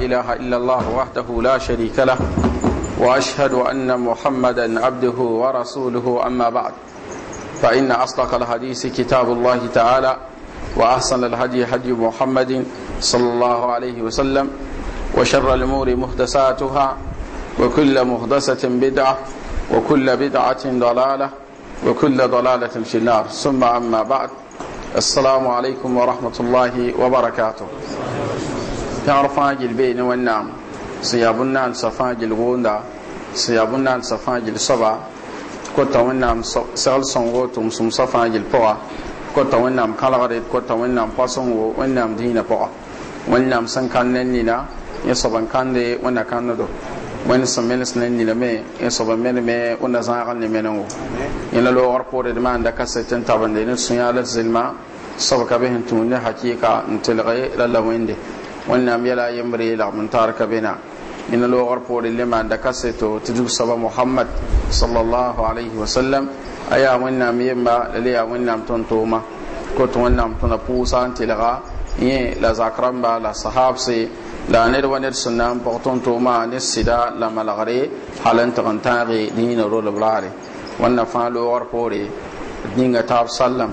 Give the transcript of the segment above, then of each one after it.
إله إلا الله وحده لا شريك له وأشهد أن محمدا عبده ورسوله أما بعد فإن أصدق الحديث كتاب الله تعالى وأحسن الهدي هدي محمد صلى الله عليه وسلم وشر الأمور مهدساتها وكل مهدسة بدعة وكل بدعة ضلالة وكل ضلالة في النار ثم أما بعد السلام عليكم ورحمة الله وبركاته tãgr fãa gil bee ne wẽnnaam sẽn yaa bõn naan sa fãa gil wʋʋnda sẽn yaa bõn naan sa fãa gil soaba kota wẽnnaam segl sõngo tʋm sũm sa fãa gil pʋga kota wẽnnaam kãlgd kota wẽnnaam pasengo wẽnnaam dĩinã pʋga wẽnnaam sẽn kãnd ne nina yẽ soab n kãnde wẽnna kãnddo wẽnd sẽn menes ne nilame yẽ soab n meneme wẽnna zãagl ne menengo yẽ la loogr pʋʋde d maanda kaset n tabende ne sũ-yã la zelma soab ka bɩ sẽn tũud ne hakɩɩka n telge la la wẽnde wẽnnaam yala a yembre yeelg n taar ka bena ina po poore lema da kaseto tɩ dug soaba mohamad sallallahu alaihi wasallam aya wannan wẽnnaam yemba la ya wannan wẽnnaam tõnd tooma kot wẽnnaam tõna pʋʋsa n telga yẽ la zak rãmba la sahabse la ned wa ned sẽn na n pʋg tõnd tooma ne sida la malagare halan ta tɩg n tãage dĩinã rolb wannan fa lo loogr po d dinga taab sallam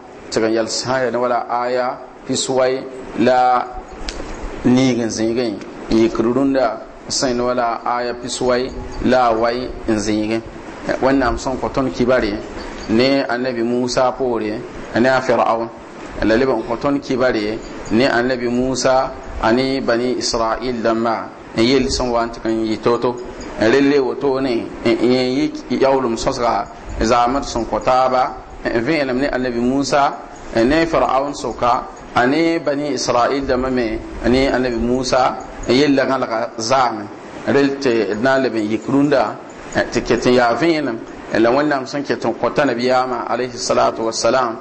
tɩg n yɛl sã n yɛl wala aya pisway la niig n zĩigẽ n yikd rũndã sẽn wala aya pisway la a way n zĩigẽ wẽnnaam sẽn kõ tõnd kibare ne annabi musa poore ne a firaun la leb n kõ tõnd kibare ne annabi musa ane bani israil dãmbã n yel sẽn wa n tɩk n yɩ to-to relle wotone n yẽ yaoolem sõsga zaamd sẽn kõ taaba vẽenem ne annabi musa ne firaun soka ani bani israil dãmbã me ani annabi musa n yella gãlga zaame rel tɩ d na n leb n yik rũndã tɩ ket n yaa vẽenem la wẽnnaam sẽn ket n kõta nabiyaamã alayhi salatu wasalam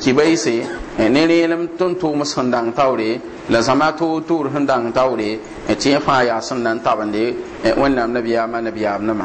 kibaise ne rẽelem tʋm-tʋʋm sẽn dãng taoore la zãma toor toor sẽn dãng taoore tɩ yẽ fãa yaa sẽn na n tabende wẽnnaam nabiyaamã nabiyaam nãmã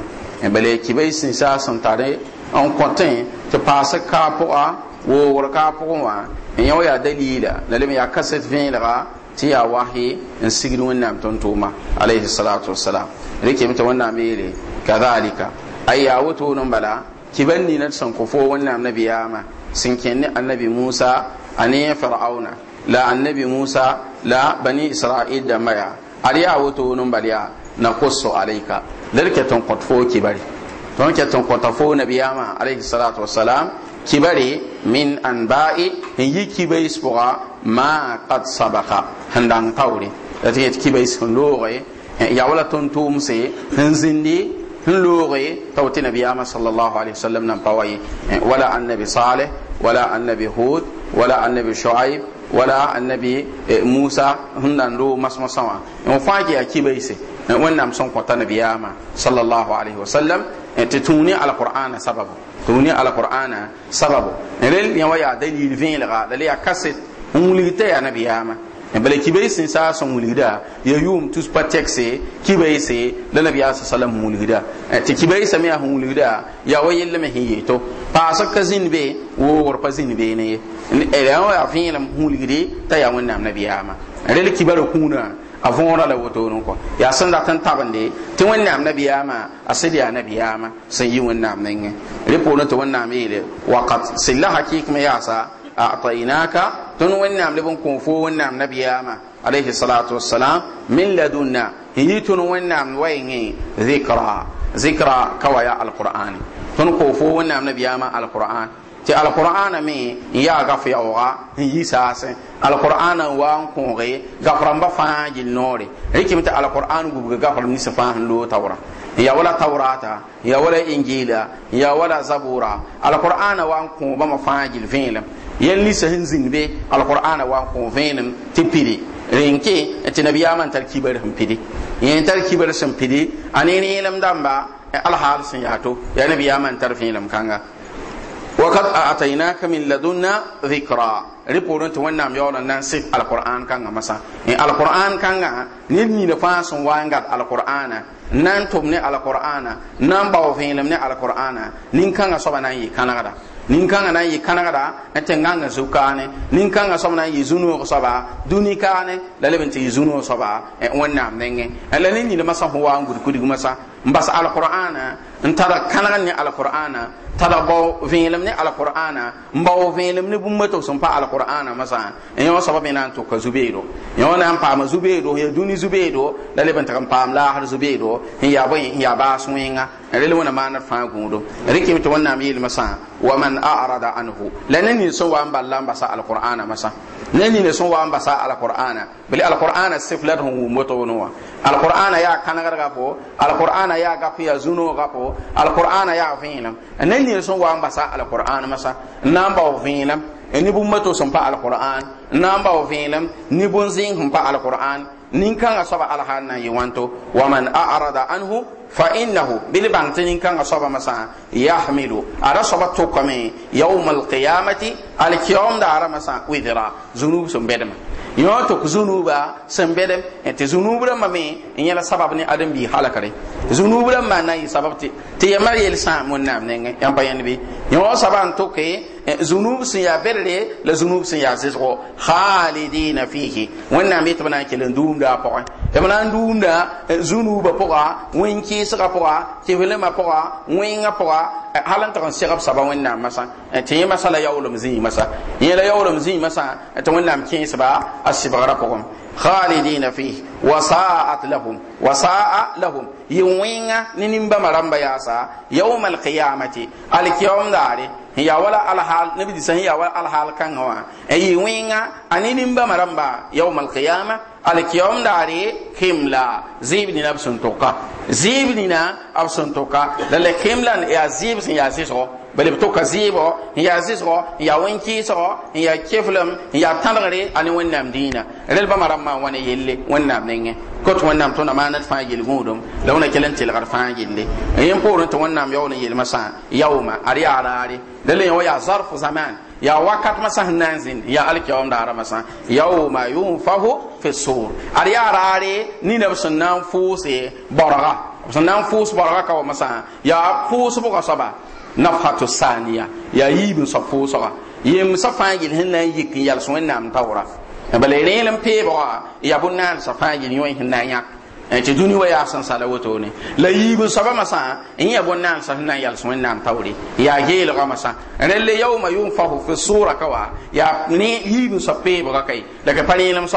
bala kibaise sẽn saa sẽn tare an kõtẽ tɩ paasd kaa pʋga woogr kaa pʋgẽ wã n yã wa yaa dalila la lem yaa kaset vẽelga tɩ ya wasye n sigd wẽnnaam tʋm-tʋʋma alayhi salatu wasalam rɩkeme tɩ wẽnnaam yeele kadhalika ay yaa wuto n bala kɩba nina tɩ sẽn kõ fo wẽnnaam nabiyaamã sẽn kẽnd ne annabi musa a ne firauna la annabi musa la bani israil da maya ad yaa wotone n bal yaa na kosso alayka la d ket n kõt tõnd ket n kõta fo nabiyaamã alayhi salatu wasalam kibare min anba'i n yi kibays pʋga ma qad sabaka sẽn dãng taoore la tɩ yet kibays sẽn looge ya wala tõnd tʋʋmse sẽn zĩndi sẽn looge t'a wa tɩ nabiyaamã sallallahu alayhi wasallam nan pa wa ye wala annabi saleh wala annabi hud wala annabi shoaib wala annabi musa sẽn nan loog mas-masã wã n fãa kɩ yaa kibayse wẽnnaam sẽn kõta nabiyaamã sallallahu alayhi wasallam Eh, ti tuni alqur'ana sababu tuni alqur'ana sababu rel eh, ya waya dalil ya kaset umulite ya nabiyama eh, bala kibe sin sa son wulida ya yum tus patekse kibe se da nabiya sallallahu alaihi wulida ti kibe ya hiye to pa be wo wor be ne ya fin ta ya wannan nabiyama rel kuna a võora la wotone kɔ yaa sẽn rat n tabende tɩ wẽnnaam nabiyaamã a sɩd yaa nabiyaamã sẽn yi wẽnnaam nengẽ rẽ poorẽ tɩ wẽnnaam yeele wakat sɩlla hakɩɩkme yaasa atainaka tõnd wẽnnaam leb n kõo fo wẽnnaam nabiyaamã alayhi salatu wassalam min ladunna n yi tõnd wẽnnaam wa yẽngẽ zikra zikra ka wa yaa alqur'ane tõnd kõo fo wẽnnaam nabiyaamã alqur'an Ti alqur'ana mi ya yaa gaf yaooga yi sase alqur'ana wa n kõoge gaf ba fãa gill noore rɩkɩm tɩ alkʋr'an gubga gaf rãmb ninsã fãa sẽn loog ya wala taurata ya wala Injila, ya wala zabura alqur'ana wa n kõo bãmbã fãa gill vẽelem yɛl ninsã sẽn zĩnd be alkʋr'ana wa n kõo vẽenem tɩ pidi rẽnke ti nabiya man tar kibr sẽn pidi yẽ tar kibr sẽn pidi a ne yẽlem dãmba alhaal sẽn yaa to yaa nabiyaamã n tar vẽelem kãnga wa kad atainaka min ladunna dhikra riporon to wannan yawon nan sai alquran kanga masa in alquran kanga ni ni da fa sun wanga alqurana nan tum ne alqurana nan bawo filim ne alqurana nin kanga soba nan yi Kanada, nin kanga nan yi kanagada an te nganga ne, nin kanga soba nan yi zunu soba duni kane lalebin te yi zunu soba wannan nan ne alani ni da masa huwa ngudu kudu masa mbasa al'kur'ana, alqur'ana n tara ne alqur'ana tara bao vẽelem ne alqur'ana n bao vẽelem ne bũmba tɩ b sẽn pa alqur'ana masã n yõ soab me na n tʋka zubeedo na n paama ya dũni zubeedo la leb n tɩg n paam zubeedo n yaa bõe n yaa baas wẽnga rel wẽna maanr fãa gũudo rɩkɩm tɩ wẽnnaam yeel wa man arada anhu la ne wa n balla n basa alqur'ana masã ne nin wa n basa alqur'ana alqur'ana alqur'ana alqur'ana alqur'ana ya gapu ya zuno gapo alqur'ana ya filam ne ni son wa mbasa alqur'ana masa nan ba filam ni bun mato son pa alqur'an nan ba filam ni bun zin hun pa alqur'an nin kan asaba alhanna yi wanto wa a'rada anhu fa innahu bil bangti nin kan asaba masa yahmilu ara saba to kame yawm alqiyamati alqiyam da ara masa widra zunub sun bedma yõ tɩ zunuba sẽn bɛdem tɩ zunub rãmbã me n yẽla sabab ne adem-biig halkre zunub rãmbã na n yɩ sabab tɩ yamar yel sãam wẽnnaam nengẽ yãmpa yẽnd yõ sabã n Eh, zunub sẽn yaa bɛdre la zunub sẽn yaa zɩsgo khalidina fihi wẽnnaam yetɩ b na n kell n duumda a pʋgẽ tɩ b na n duumda zunuubã pʋga wẽn-kɩɩsgã pʋga tɩflmã pʋga wẽngã pʋga hal n wannan masa. Eh, segb eh, saba wẽnnaam masã tɩ masa. masã la yaoolem zĩig masã yẽ la yaoolem zĩig masã tɩ wẽnnaam kẽesba a sɩbgrã pʋgẽ khalidina fihi wasaat lahum wasaa lahum yɩ wẽnga ne nimbãmbã rãmbã yaasa yauma alqiyamati alkiyaom daare n yaa wala alhaal nabi disa n yaa wala alhaal kan wã n alkiyom daare khimla zibni na sun toka zibni na sun toka lalle khimla ya zib sin ya siso bale to ka zibo ya siso ya wanki so ya keflam ya tandare ani wannan dina rel ba maramma wani yelle wannan nenge ko to wannan to na manat fa yel mudum launa kelen til garfa yelle yin porin to wannan yawon yel masa yawma ari arare lalle ya zarfu zaman ya wakat masã na n ya alkiyaom daara masã yaoma yunfahu fi sur ad yaa raare nina b sẽn na n fʋʋse na ka wa ya yaa fʋʋsbga soaba nafhatu saniya ya yi n soab fʋʋsga yem sã fãa na n yik n yals wẽnnaam taoora bala rẽel n peebga yaa bõn na ti dũni wa ya sẽn sala wotone la yiib n soaba masã n yã nan sã sẽn na n yals wẽnnaam taoore yaa geelgã masã rẽ le yaoma yʋnfahu fi sʋʋra ka wa sape yiib kai daga pani nan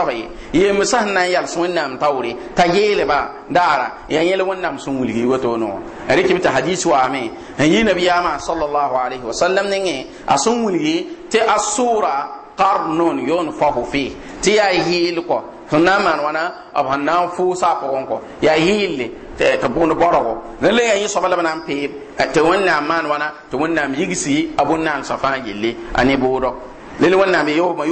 ye yi ye pa nan yal ye nan tawri ta na le ba dara ya ye le won nan sun wẽnnaam sẽn no ari ki rɩk b wa hadiis waame n yɩ ma sallallahu alaihi wasallam nengẽ a sẽn wilgi tɩ a sʋʋra qarnon yʋnfahu fɩ tɩ yaa yeel ko sẽn na n maan fu sa sẽn na ya fʋʋ te kɔ yaa yɩɩlle tɩ bũund bɔrgɔ rẽ la yaa yẽ soaba lab na n peeb tɩ wẽnnaam maan wãna tɩ wẽnnaam yigsi a bõn-naan sã fãa yelle a ne boodɔ lel wẽnnaam yoma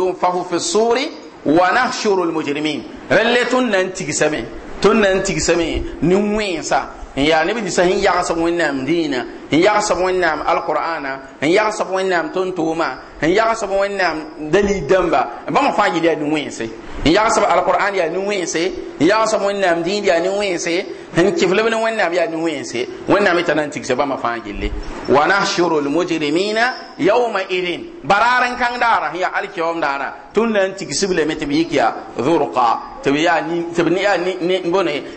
fi suri wa nahshuru al mujrimin le tõnd na n gisame tõnd na n tigsame ni wẽensa n yaa neb ninsã sẽn yagsg wẽnnaam dĩinã n yagsb wẽnnaam alqur'ana n yagsb wẽnnaam tʋm-tʋʋma n yagsb wẽnnaam dalil dãmba bãmb fãa ya yaa nu-wẽense n yagsb alqur'an yaa nu-wẽense n yagsb wẽnnaam dĩin yaa nu-wẽense n kɩflb ne wẽnnaam yaa nu-wẽense wẽnnaam t'a na n tigsa bãmbã fãa gilli wa nahsuru lmujrimina yauma idin baraar n kãng daara sẽn yaa alkiyaoom daara tʋnd na n tigsb lame tɩ b yik yaa zurqa tɩ b yaa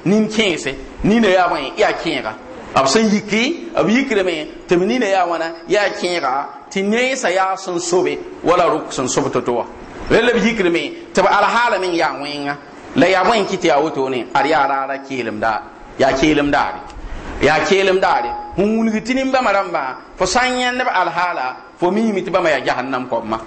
nin-kẽese nina yaa bõe yaa kẽega Ab sẽn yiki ab yikrame tɩ b ne ya wana, ya kẽega tɩ neensã ya sẽn sobe wala ruk sẽn sobe to-to wã rela b yikrame tɩ b alhaala meng ya wẽnga la ya woto ne ar ya yaa wotone ad yaa raara keelemdaa yaa ya kilim da fõn wilg tɩ nimbãmbã maramba fo sã n yẽnd al hala fo miime ba ma ya jahannam ko ma.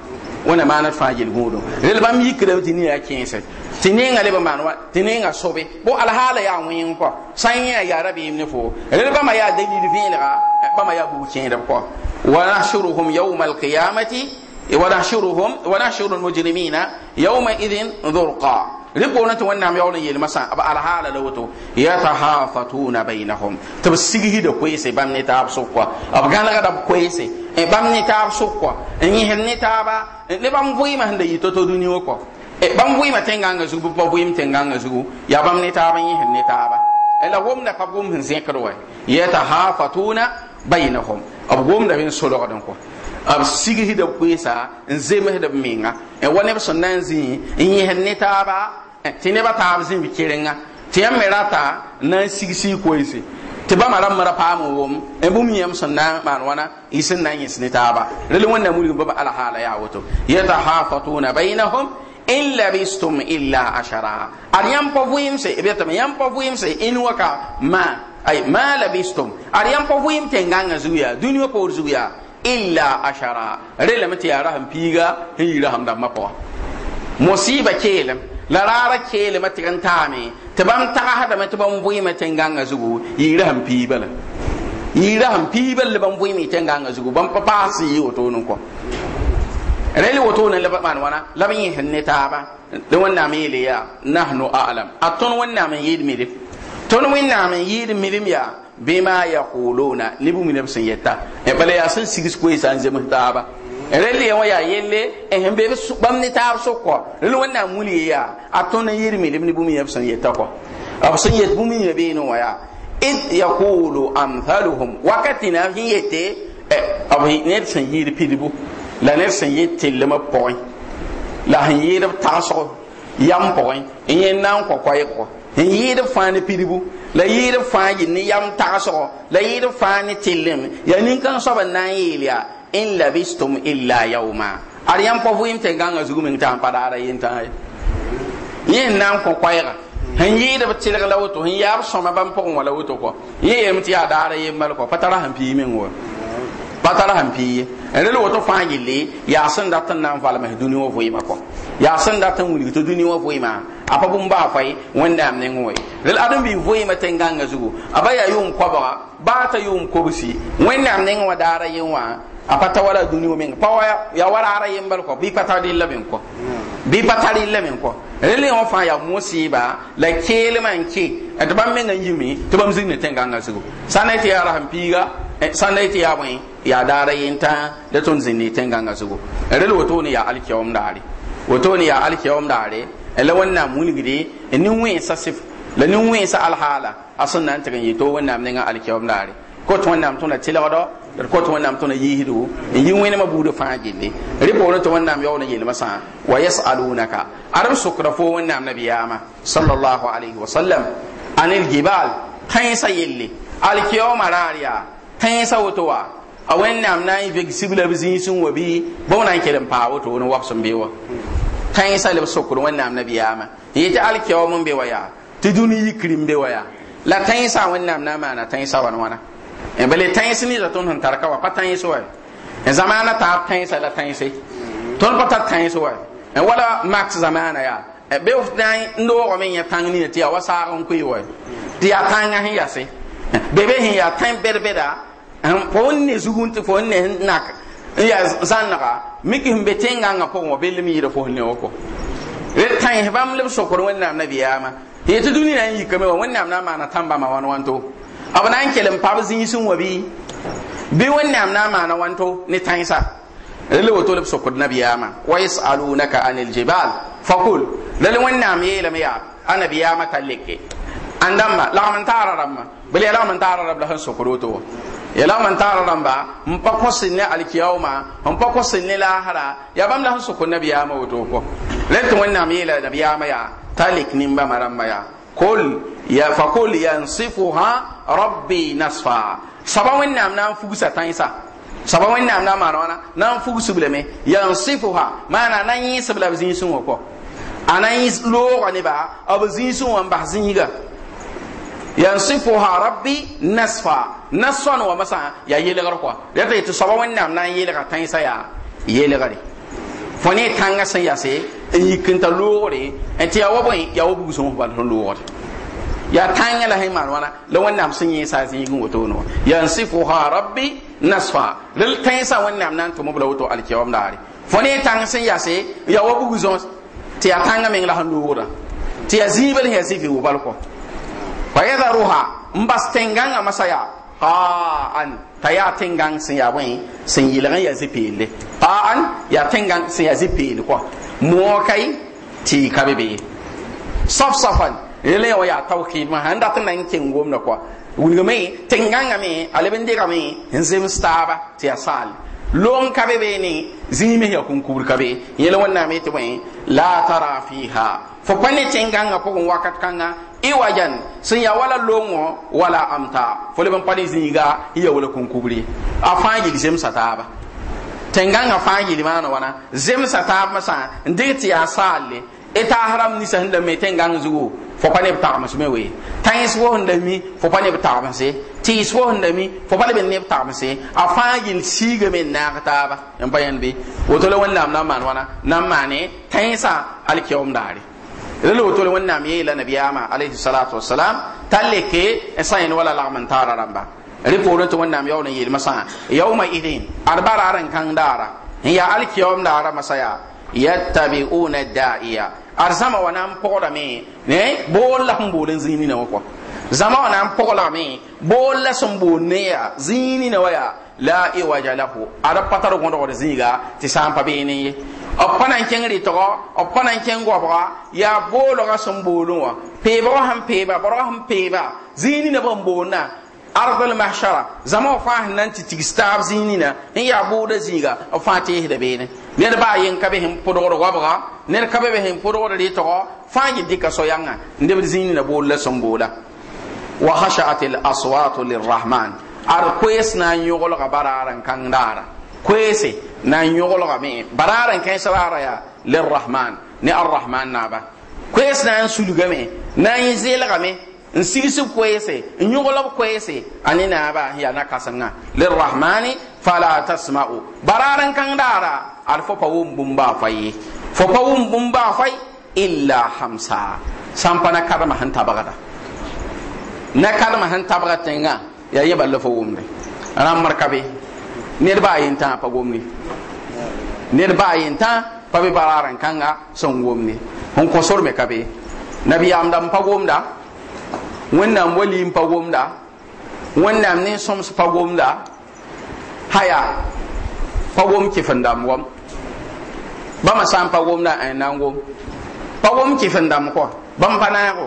wana d na gel gũudum rel bãmb yikrame tɩ nina ya kẽese tɩ nengã leb n maan wa tɩ nengã sobe bo alhaala yaa wẽng kɔ sãn yẽ yaa rabɩɩm ne fo rel bãmba yaa dalil vẽelga bãmba yaa bug kẽedb kɔ wanahsuruhum yauma alqiyamati wanahsuruhum wanahsuru almujrimina yauma idin dhurqa rɩpʋʋna tɩ wẽnnaam yaool n yeelmasã b alhaala la woto yatahafatuna bainahum tɩ b sigsda koeese bãmb ne taab sʋkɔa b gãlegda b koeese bãmb ne taab sʋkɔa n yẽsd ne taaba ne bãmb vɩɩmã sẽn da yɩ to-to dũni wã kɔ Eh, bãmb vɩɩmã tẽn gãngã zugu pa vɩɩm tẽn gãngã zugu yaa bãmb ne taab n yẽsd ne taaba la wʋmda ka gʋmsn zẽkd wɛ yɛtahafatuna bainahum b gʋmda bɩ n solgd n kɔ b sigsda b koeesa n zemsd b menga wa neb sẽn na n zĩ n yẽsd ne taaba tɩ nebã taab zĩbi kerenga tɩ yãmb me rata n na n sigsi koeese tɩ bãmba rãmb ra paam n wʋm n bũmb yãmb sẽn na n maan wãna yɩ sẽn na n yẽs ne taaba rel wẽnnaam wilg b b alhaala yaa woto yɛtahafatuna bainahum in labistum illa ashara ar yam pa vuyimse betam yam pa se in waka ma ay ma labistum ar yam pa te nganga zuya dunyo ko zuya illa ashara rela mati ya raham piga hin raham da mapa musiba kelam la rara kelam tigan tame tabam taga hada mati bam te nganga zugu yi raham pibala yi raham pibala bam te nganga zugu bam pa pasi yoto nun ko rel woto ne laba man wana laba yin hinne taaba de wonna me le ya nahnu a'lam a aton wonna me yid mirim ton wonna me yid mirim ya bi ma ya bima yaquluna libu mi nafsin yatta e bale ya san sigis ko isan zema taaba rel ya waya yelle e hin be su bam ni taab so ko rel wonna muli ya aton ne yid mi libu mi nafsin yatta ko ab sun yet bumi ne be no waya in id yaqulu amthaluhum wakati na hin yete e, ab hin yet san yid pidibu la ned sẽn yɩ tellmã pʋgẽ la sẽn yɩɩd b tagsg yam pʋgẽ n yẽ na n kõ-koɛɛgɔ n yɩɩd b fãa ne pidbu la yɩɩd b fãa yɩ ne yam tagsgɔ la yɩɩd b fãa ne tellem yaa nin-kãng soab n na n yeel yaa in labistum illa yauma ad yãmb pa vɩɩm tɩ n gãngã zugu meng tã n pa daara yentãã ye yẽ n na n kõ-koɛɛga sẽn yɩɩd b tɩlg la woto sẽn yaa b sõma bãmb pʋgẽ wã la woto kɔ yẽ yeelm tɩ yaa daara yemmal kɔ pa tara sẽn pii meng wa batara han piye rel woto fãa ba yaa yʋʋm t'a ta wala pa ya wa raara e la e, ne ya dara yin ta da tun zini zinni ganga zugo rel wato ne ya alkiyom daare wato ne ya alkiyom daare ila wannan mulgide ni wen sasif la ni wen sa alhala asunna tan yi to wannan ne ga alkiyom daare ko to wannan tuna tilawado da ko to wannan tuna yihidu yin wen ma budu fajinde ribo to wannan yawo ne yelma masa wa yasalunaka aram sukra fo wannan nabiyama sallallahu alaihi wa sallam anil jibal kai sa yelli alkiyom kai kan a wẽnnaam na n vɩg sigla b zĩig sẽn wa bɩ ba na n kell n paag woto wani wabsẽn e be wa kã yẽsa leb sokr wẽnnaam nabiyaamã yetɩ alkɛoom n be wa yaa tɩ dũni yikri n be wa yaa la tãyẽsã wẽnnaam na n maana wani wan wãna bale tãyẽs nira tõnd sẽn tarka wa pa tãyẽs wa e zamaana taab sa la tãyẽse tõnd pa tar tãyẽs wa e wala max zamaana yaa be na n doogame yẽ tãng nina tɩ yaa wa saag n koe wa tɩ yaa tãngã sẽn yase bebe sẽn yaa tãn bɛd-bɛda fo n ne zugun tɩ fo n ne n nak n yaa zãnega mik sẽn be tẽngãngã pʋgẽ wã bell m yɩɩra fo sẽn ne wã ko rẽ tães bãmb leb sokr wẽnnaam nabiyaamã tɩ yetɩ dũni na n yikame wã wẽnnaam na n maana tãm bãmba wãn wãn b na n kell n pab zĩis n wa bɩ bɩ wẽnnaam na n maana wãn to ne tãensa rẽ la woto leb sokd nabiyaamã wa yasalunaka an ljibal fakul rel wẽnnaam yeelame yaa a nabiyaamã tar leke ãn dãmba lagm n taara rãmbã bɩ la ya lagm n taara la sẽn sokr woto yela man taara ramba mpa pa kõsd ne alkiyoma mpa pa kõsd ne laasra ya bãmb la sẽn sʋk nabiyaamã woto kɔ rẽ tɩ wẽnnaam yeela nabiyaamã yaa t'a lek nimbãmbã rãmbã yaa kol ya fakol yansifuha rabbi nasfa saba wẽnnaam na n fugsa isa, saba wẽnnaam na n maan wãna na n yansifuha mana na yi sabla bizin sun zĩig anan yi kɔ a ba n loooga neba b zĩig sẽn wã yansifuha rabbi nasfa nasfan wa masa ya yelegar kwa ya ta yitu sabo wannan nan yelega tan sa ya gari fone tanga san ya se yikin ta lore ti ya wabo ya wabo so ba don lore ya tanga la hayman wana la wannan sun yi sa sun yikin wato no yansifuha rabbi nasfa lil tan sa wannan nan to mabla wato alkiyam dare fone tanga san ya se ya wabo gusun ti ya tanga min la han wura ti ya zibal ya sifi wo balko fa yadharuha mbastenganga masaya qa'an taya tengang sin ya bwen sin yilgan ya zipele qa'an ya tengang sin ya zipele ko mo kai ti kabebe saf safan lele wa ya tawkid ma handa tan nan kin gomna ko wulgame tenganga me alibin diga me nzem staba ti asal lon kabe be ni zime ya kun kubur kabe yele wannan mai tuwe la tara fiha fo kwane tenganga ko kun wakat kanga iwajan sun ya wala longo wala amta fo le ban pani ziga iya wala kun kubure a fangi di sem sataba tenganga fangi di mana wana zem sataba sa ndeti ya sale eta haram ni sahin da me tengang zugo fo pa ne ta mas me we tan is wo hunda mi fo pa ne ta mas e ti is wo hunda mi fo pa ne ta ma se a fa si siga men na ta ba en bayan bi woto le nam nam man wana ma nan mane tan sa alkiyom dare lele woto le ye la nabi ama alayhi salatu wassalam talle ke e sayin wala lagman tararamba ripo to yo ne yil masa yawma idin arbara ran kan dara ya alkiyom da ara masaya yattabi'una da'iya arzama wa nan pora me ne bolla mbolin zini na wako zama wa nan pora me bolla sombone ya zini na waya la iwaja lahu ara patar gondo gondo ziniga ti sampa be ne opana kengri to opana kengo ba ya bolo ga sombolun wa peba han peba boro han peba zini na bombona ardl mahshara zama fa nan ti tigstab zinina in ya boda ziga fa ti hida bene ne ba yin kabe hin podoro wabra ne kabe be hin podoro ri to fa yi dika so yanga ne bi zinina bolla sombola wa khashat aswat lirrahman ar kwes na yogol ga bararan kangdara kwese na yogol ga me bararan kan sarara ya lirrahman ni arrahman na ba kwes na sulugame na yin zelgame n sigsb koɛɛse n yõglb koɛɛse a ne naaba ya na kãsenga lirahmani fala tasma'u baraar n kãng daara ad fo pa wʋm bũmba a ye fo pa wʋm bũmba a fay illa hamsa sãn pa na kadma sẽn tabgda na kadma sẽn tabga tẽngã yaa yẽ balla fo wʋmde rãmbr ka be nedbã a yentã pa gomne nedbã a yentã pa be baraar n kãnga sẽn wʋmne n kõsor me ka be nabiyaamda n pa gomda wẽnnaam walim pa gomda wẽnnaam ne sõms pa gomda haya pa gom kɩf n dãmb gom bãmba sã n pa gomda ãn na n gom pa gom kɩf n dãmb kɔ bãmb pa naago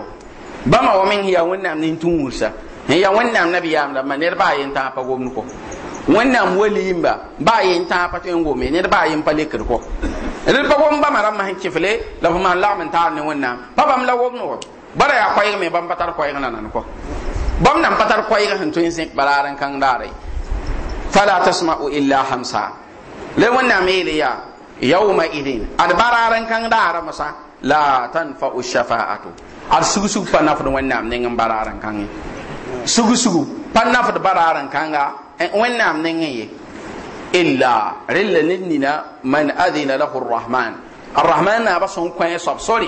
bãmba wa meng yaa wẽnnaam ne n tũ wursa n yaa wẽnnaam nabiyaamda ma nedbã a yen tãag pa gomd kɔ wẽnnaam walimba ba a yen tãag pa tõe n gome nedbã a yen pa lekd kɔ rd pa gom bãmba rãmb sẽn kɩfle la fo maan lagm n taar ne wẽnnaam pa bãmb la bara ya koyg me ban patar koyg nan nan ko bam nan patar koyg han tun sin bararan kan dare fala tasma'u illa hamsa le wannan me ile ya yawma idin al bararan kan dare masa la tanfa'u shafa'atu al sugu pa nafdu wannan ne ngam bararan kan sugu sugu pa nafdu bararan kan ga wannan ne ngi illa rilla linnina man adina lahu arrahman arrahman na basun kwaye sab sorry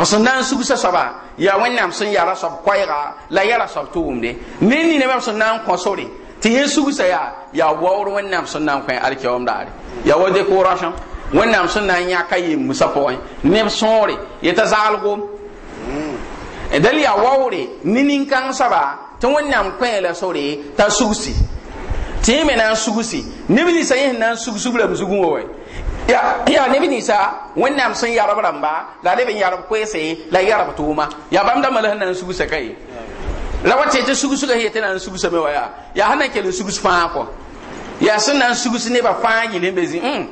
b sẽn na n sugsa soaba yaa wẽnnaam sẽn yaara soab koɛɛga la yɛra soab tʋʋmde ne nina bam sẽn na n kõ sore tɩ yẽ sugsa yaa yaa waoor wẽnnaam sẽn na n kõ Ya daare yaa wa décoration wẽnnaam sẽn na n yãka yembsã pʋgẽ neb sõore yeta zaalgo dal yaa waoore ne nin-kãng soaba tɩ wẽnnaam kõ la sore t'a sugsi tɩ yẽ me na n sugsi neb ninsã yẽ sẽn na n sugsug rãmb zugẽ wa ya ya ne bi nisa wannan sun ya rab ramba la le bin ya rab sai la ya rab tuma ya bam da malahan nan su gusa kai la wace ta su gusa kai ta nan su gusa me waya ya hanan ke su gusa fa ko ya sun nan su gusa ne ba fa yi ne bezi mm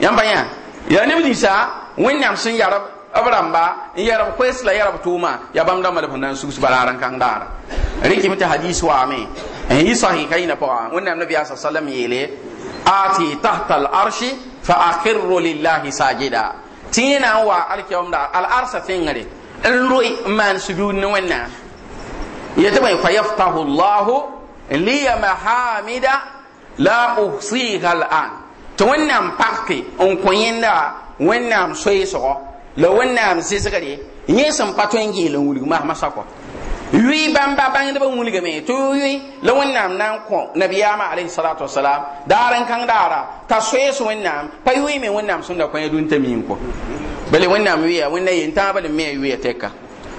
yan banya ya ne bi nisa wannan sun ya rab ba, ya rab sai la ya rab tuma ya bam da malahan nan su su bararan kan dara riki mata hadisi wa me eh, yi na fa wannan nabi sallallahu alaihi wasallam yele ati tahta al-arshi fa akhirru lillahi sajida tina wa alkiyam da al-arsa tingare in roi man sujud ne wannan yata bai fa yaftahu Allah li mahamida la uhsiha an to wannan pakti on koyinda wannan soyiso la wannan sisigare yin san patongi wuli masako yui bamba bãmba bãngdbã wilgame tɩ yui la wẽnnaam na n kõ nabiyaamã alayhi salatu wasalam daar n kãng daara t'a soees wẽnnaam pa yʋɩ me wẽnnaam sẽn da kõ ya dũni t'a miim kɔ bale wẽnnaam wɩɩya wẽnna ta le me a wɩɩya tɛka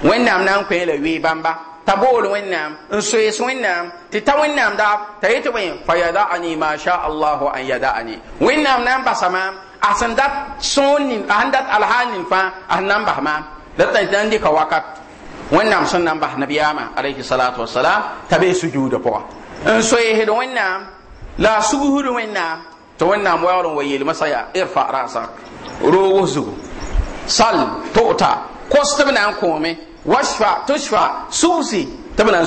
wẽnnaam na n kõ la yʋɩ bãmba t'a bool wẽnnaam n soees wẽnnaam ti ta wẽnnaam da, t'a yetɩ bõe fa yada'ani ma sha allahu an yada'ani wẽnnaam na n basa maam a sẽn dat sõon nin a sẽn dat alhaal nin fãa a sẽn na n bas maam la t'a dɩka wakat wẽnnaam sẽn na n bas nabiyaamã alayhi salatu wasalam t'a bee sujuudã pʋgã n soeesd wẽnnaam la a sugsd wẽnnaam tɩ wẽnnaam n wa yeelmasã yaa irfa rasak zugu sal tota kos tɩ b na n kõome wasfa tɩ b na n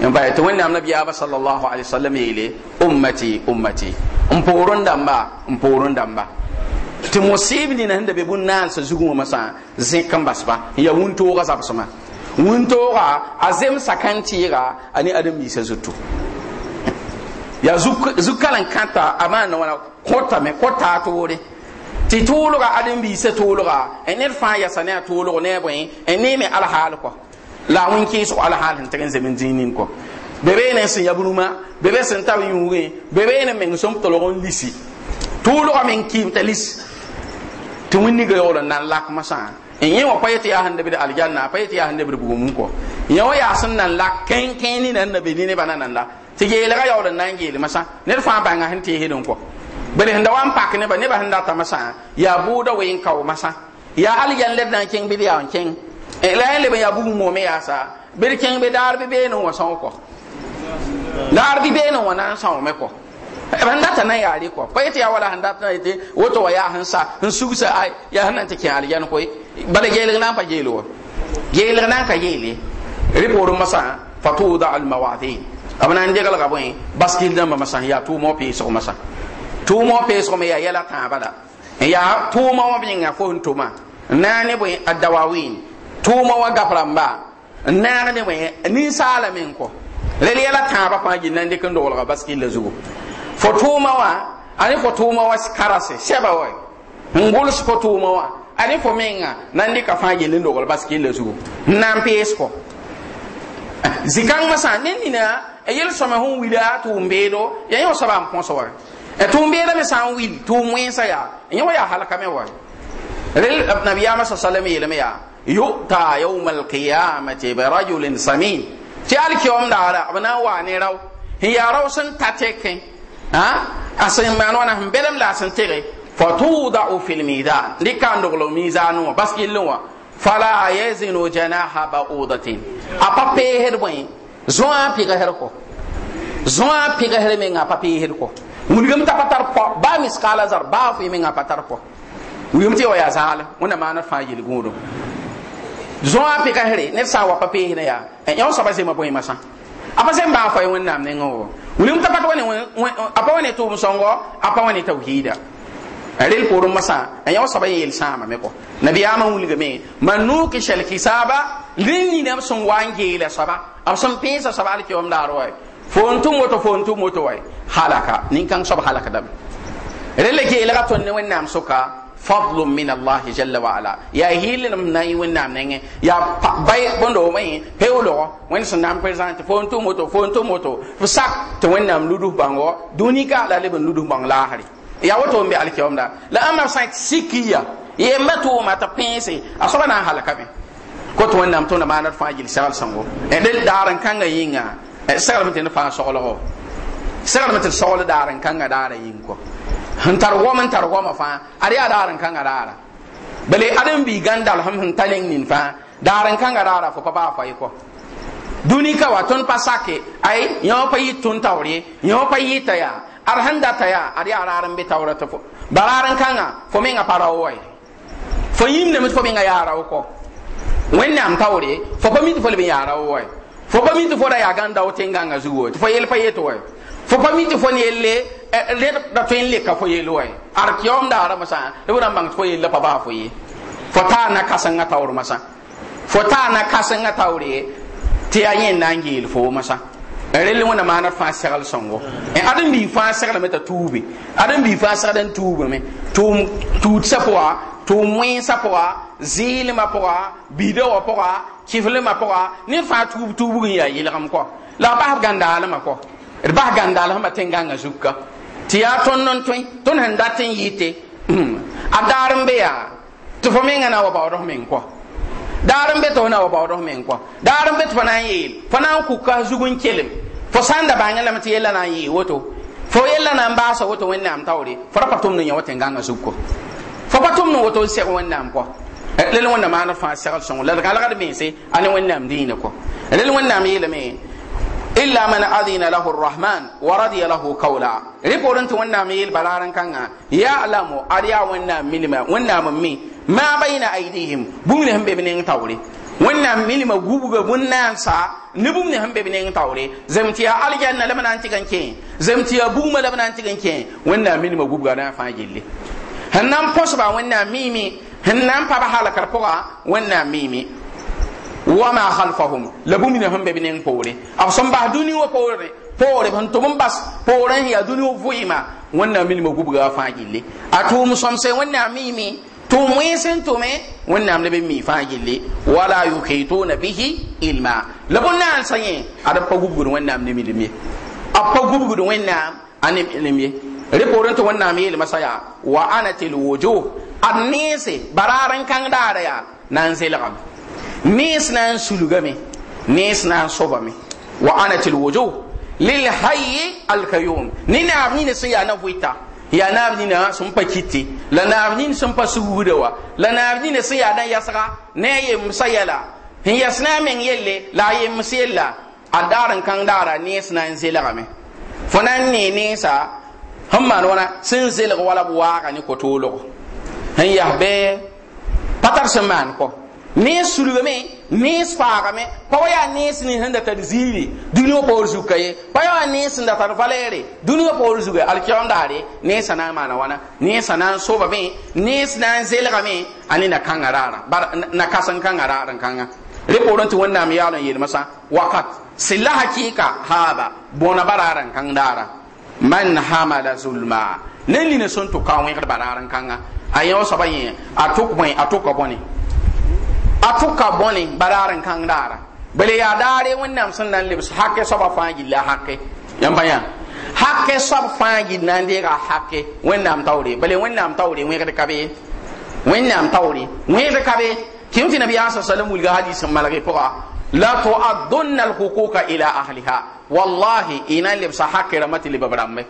n tɩ wẽnnaam yeele ummati ummati n n dãmba n n dãmba tɩ mosɩɩb na hinda da be bũn nan sa zugẽ ma sã zẽk n basba n ya wũn-toogã zabsmã wũn-toogã a ga ani n bi sa zutu adem-biisã zoto yaa zu-kal n kãta a maanda wãna kõtame kõtaa toore tɩ toolga adem-biisã toolga e ned fãa yasa ne a toolg ne a bõe n e neeme alhaal kɔ la a ki su al' sẽn tɩg n zem n dĩig nin kɔ bebe ne sẽn ya bũnumã bebe sẽn tawi yũugẽ bebe ne men sun tolo n lisi tulu ga men t'a lisi tɩ wĩnniga yaoolã na nan lakma sã n yẽ wã pa yetɩ yaa sẽn lebd aljanna pa yetɩ yaa sẽn lebd bugum kɔ yẽ wã yaa sẽn nan lak kẽn-kẽen ni nan na eh, be ne nebã na nan la tɩ yeelga yaool n na n geelma sã ned fãa bãnga sẽn teesd n kɔ bele sẽn da wa n pak nebã nebã sẽn datame sã yaa bʋʋda wɩ n kaooma sã yaa algan leb na n kẽng bɩd yaa n kẽng la yẽ leb n yaa bugum moome yaasa bɩd kẽng be daar bɩ beene n wã sõg kɔ daar bɩ beene n wã na n sõome kɔ ban data na yare ko pa ite ya wala han data ite woto wa ya han sa han sugsa ai ya han ta kin aljan ko bala gele na pa gele wo gele na ka gele riporo masa da al mawadi abana inde gal gabo baskil dan masa ya tu mo pe so masa tu mo pe so me ya yala ta bada ya tu mo mo bin ga ma na ne bo adawawin tu mo wa ba na ne ni sala min ko lele yala ta ba pa ginan de kan do wala baskil la zugo fo tʋʋma wã ani fo tʋʋma wã karase sɛba wa n gʋls fo tʋʋma wã ani fo menga nan dɩka fãa yell n dogl baskɩlla zugu n na n pees fo zĩ-kãngmã sã ne nina yel-sõme sẽn wila tʋʋm beedo yaa yẽ wa soaba n põs wa tʋʋm beeda me sã n wil tʋʋm wẽnsã yaa yẽ wa yaa halkame wa rel nabiyaamã sa salam yeelame yaa yu'ta yawma alqiyamati bi rajulin samin tɩ alkiom daara b na n waa ne rao n yaa rao sẽn ta tɛkẽ a sẽn ma wãna na belem la san tere fa tuda u fil dɩk ka n doglo misanẽ wã bas yellẽ fala yazinu janaha ba'udatin a pi ga her ko zo a pi ga her me nga pa ko mun gam t'a patar ko ba mis kala zar ba fu me nga patar ko wilgame tɩ ya wa yaa zaalɛ wẽnna na fa yil gudo zo a pi pɩgsre her ne sa wa pa peesdã e, yo sa ba se ma boy ma sa apa se ba fa y nam ne ngo wilum tapat wane apa wane to musongo apa wane tauhida rel porum masa an yaw sabay yel sama me ko nabi ama wulga me ki shal hisaba linni nam son wange la saba am son pesa saba al kiyom daro way fontum moto fontum moto way halaka nin kan sab halaka dam rel ke ila ton ne wen nam soka فضل من الله جل وعلا يا هيل من ناي وين نام نين يا باي بوندو مي بيولو وين سنام بريزانت فون تو موتو فون تو موتو فساك تو وين نام لودو بانغو دوني كا لا لبن لودو بانغ لا هري يا وتو مي الكيوم دا لا اما سايت سيكيا يما تو ما تبينسي اصلا انا هلكا بي كنت وين نام تو نما انا فاجل سال سانغو ادل دارن كانغا يينغا سال متين فان سوغلو سال متين سوغل دارن كانغا دارن يينكو han tar goma tar goma fa ari aran kan arara bale adam bi gandal ham han tanen nin fa daran kan arara fo papa fa iko duni ka wa ton pasake ai nyo pa yi tun tawri nyo pa yi ta ya taya handa ta ya ari araran bi tawra to fo bararan kan fo menga para oi fo yim ne mit fo menga yara ko wenna am tawri fo pa mit fo le bi yara oi fo pa fo da ya ganda o tenganga zuwo fo yel pa yeto oi fo pa mi ti fo ni le, eh, le da to le ka fo yelo wai ar kiyom da ara masa le buran bang fo yelo pa ba fo yi fo ta na nga tawur masa fo ta na kasanga tawre ti ayen na ngil fo masa rel eh, wẽna maana fãa songo. E eh, ad bi fa fãa me t'a tuube ad n bii fãa segd n tuubame sa tuudsã pʋga tʋʋm wẽnsã pʋga zɩɩlmã pʋga bida wã pʋga kɩflmã ma ned Ni fa tuubg n yaa yɩlgem kɔ la b la ma kɔ d bas gãndaal sẽn ganga tẽn gãngã zugka tɩ yaa tõnd n tõe tõnd sẽn dat n yɩɩte hmm. a daar n be yaa tɩ fo mengã na wa baoodf meng kɔ daar n be tɩ fo na wa baoodf meng kɔ daar n be tɩ fo na n yeel fo na n kuka zug n kelem fo sã n da bãngẽ lame tɩ yella na n yɩɩ woto fo yella na n baasa woto wẽnnaam taoore fo ra pa tʋmd n yã wa tẽn gãngã zug kɔ fo pa tʋmd n woto n seg eh, wẽnnaam kɔ rel wẽnnaam maan d fãa segl sõngo la d galgd mense a ne wẽnnaam dĩinã kɔ rel wẽnnaam yeelame illa man adina lahu arrahman wa radiya lahu qawla riporin to wannan mai yel balaran kanga ya alamu ariya wannan milima wannan mi ma baina aidihim bumne hambe binen tawre wannan milima gubuga bunnan sa ni bumne hambe binen tawre zamtiya aljanna lamana antikan ke zamtiya bumma lamana antikan ke wannan milima gubuga na fa gille hannan posba wannan mimi hannan pa ba halakar poga wannan mimi وما خلفهم لبوم منهم ببنين بوري أبصم بعد دنيا بوري بوري بنتو بس بوري هي دنيا فويمة وانا مين مغوب غافا جيلي أتوم سمسي وانا ميمي توم ويسن تومي وانا مين بمي فاجيلي ولا يخيطون به إلما لبون نال سيين أدب بغوب غن وانا مين مين مين أبب غوب غن وانا مين مين مين ريبورن تو وانا مين مسايا وانا تلو وجوه أدنيسي برارن كان داريا نانسي لغم ne sẽna n sobame wa anat lwujuh lilhayi alkayum ne naab nina sẽn yaa na vɩta nina sẽn pa kite la naab nin sẽn pa wa la naab nina sẽn na yasga ne a yemsa yɛla n yas na a meng yelle la a yems yella a daar n kãng daara ne sẽna n zelgame ne neesa sẽn maan wãna sẽn zelg wala ne ko-toolgo n yas bɩ pa tar ne sulgame ne faagame pa wa ya ne sin hin da tadziri duniya pa urzuka ye pa ya ne sin da tar valere duniya pa urzuka alkiyon dare na sana mana wana ne na so ba me ne sana zelgame ani na kangarara na kasan kangarara kanga reporon ti wannan yalon yi masa wakat sila hakika haba bona bararan kan dara man hamala zulma ne ni ne son to kawai bararan kanga ayo sabayin atuk mai atuk boni a tuka bõne bararen kãng daara bele yaa daare wẽnnaam sẽn na n lebs hake soaba fãa gilla hake yãmb pa yã hake soab fãa gill na n deega hake wẽnnaam taoore bele wẽnnaam taoore wẽgd kabe be wẽnnaam taoore kabe ka be tɩm tɩ nabiyaa sa salam wilga hadis n malge pʋga la tu'addunna alhuquqa ila ahliha wallahi ina lebsa hake rãmbã tɩ lebab rãmbe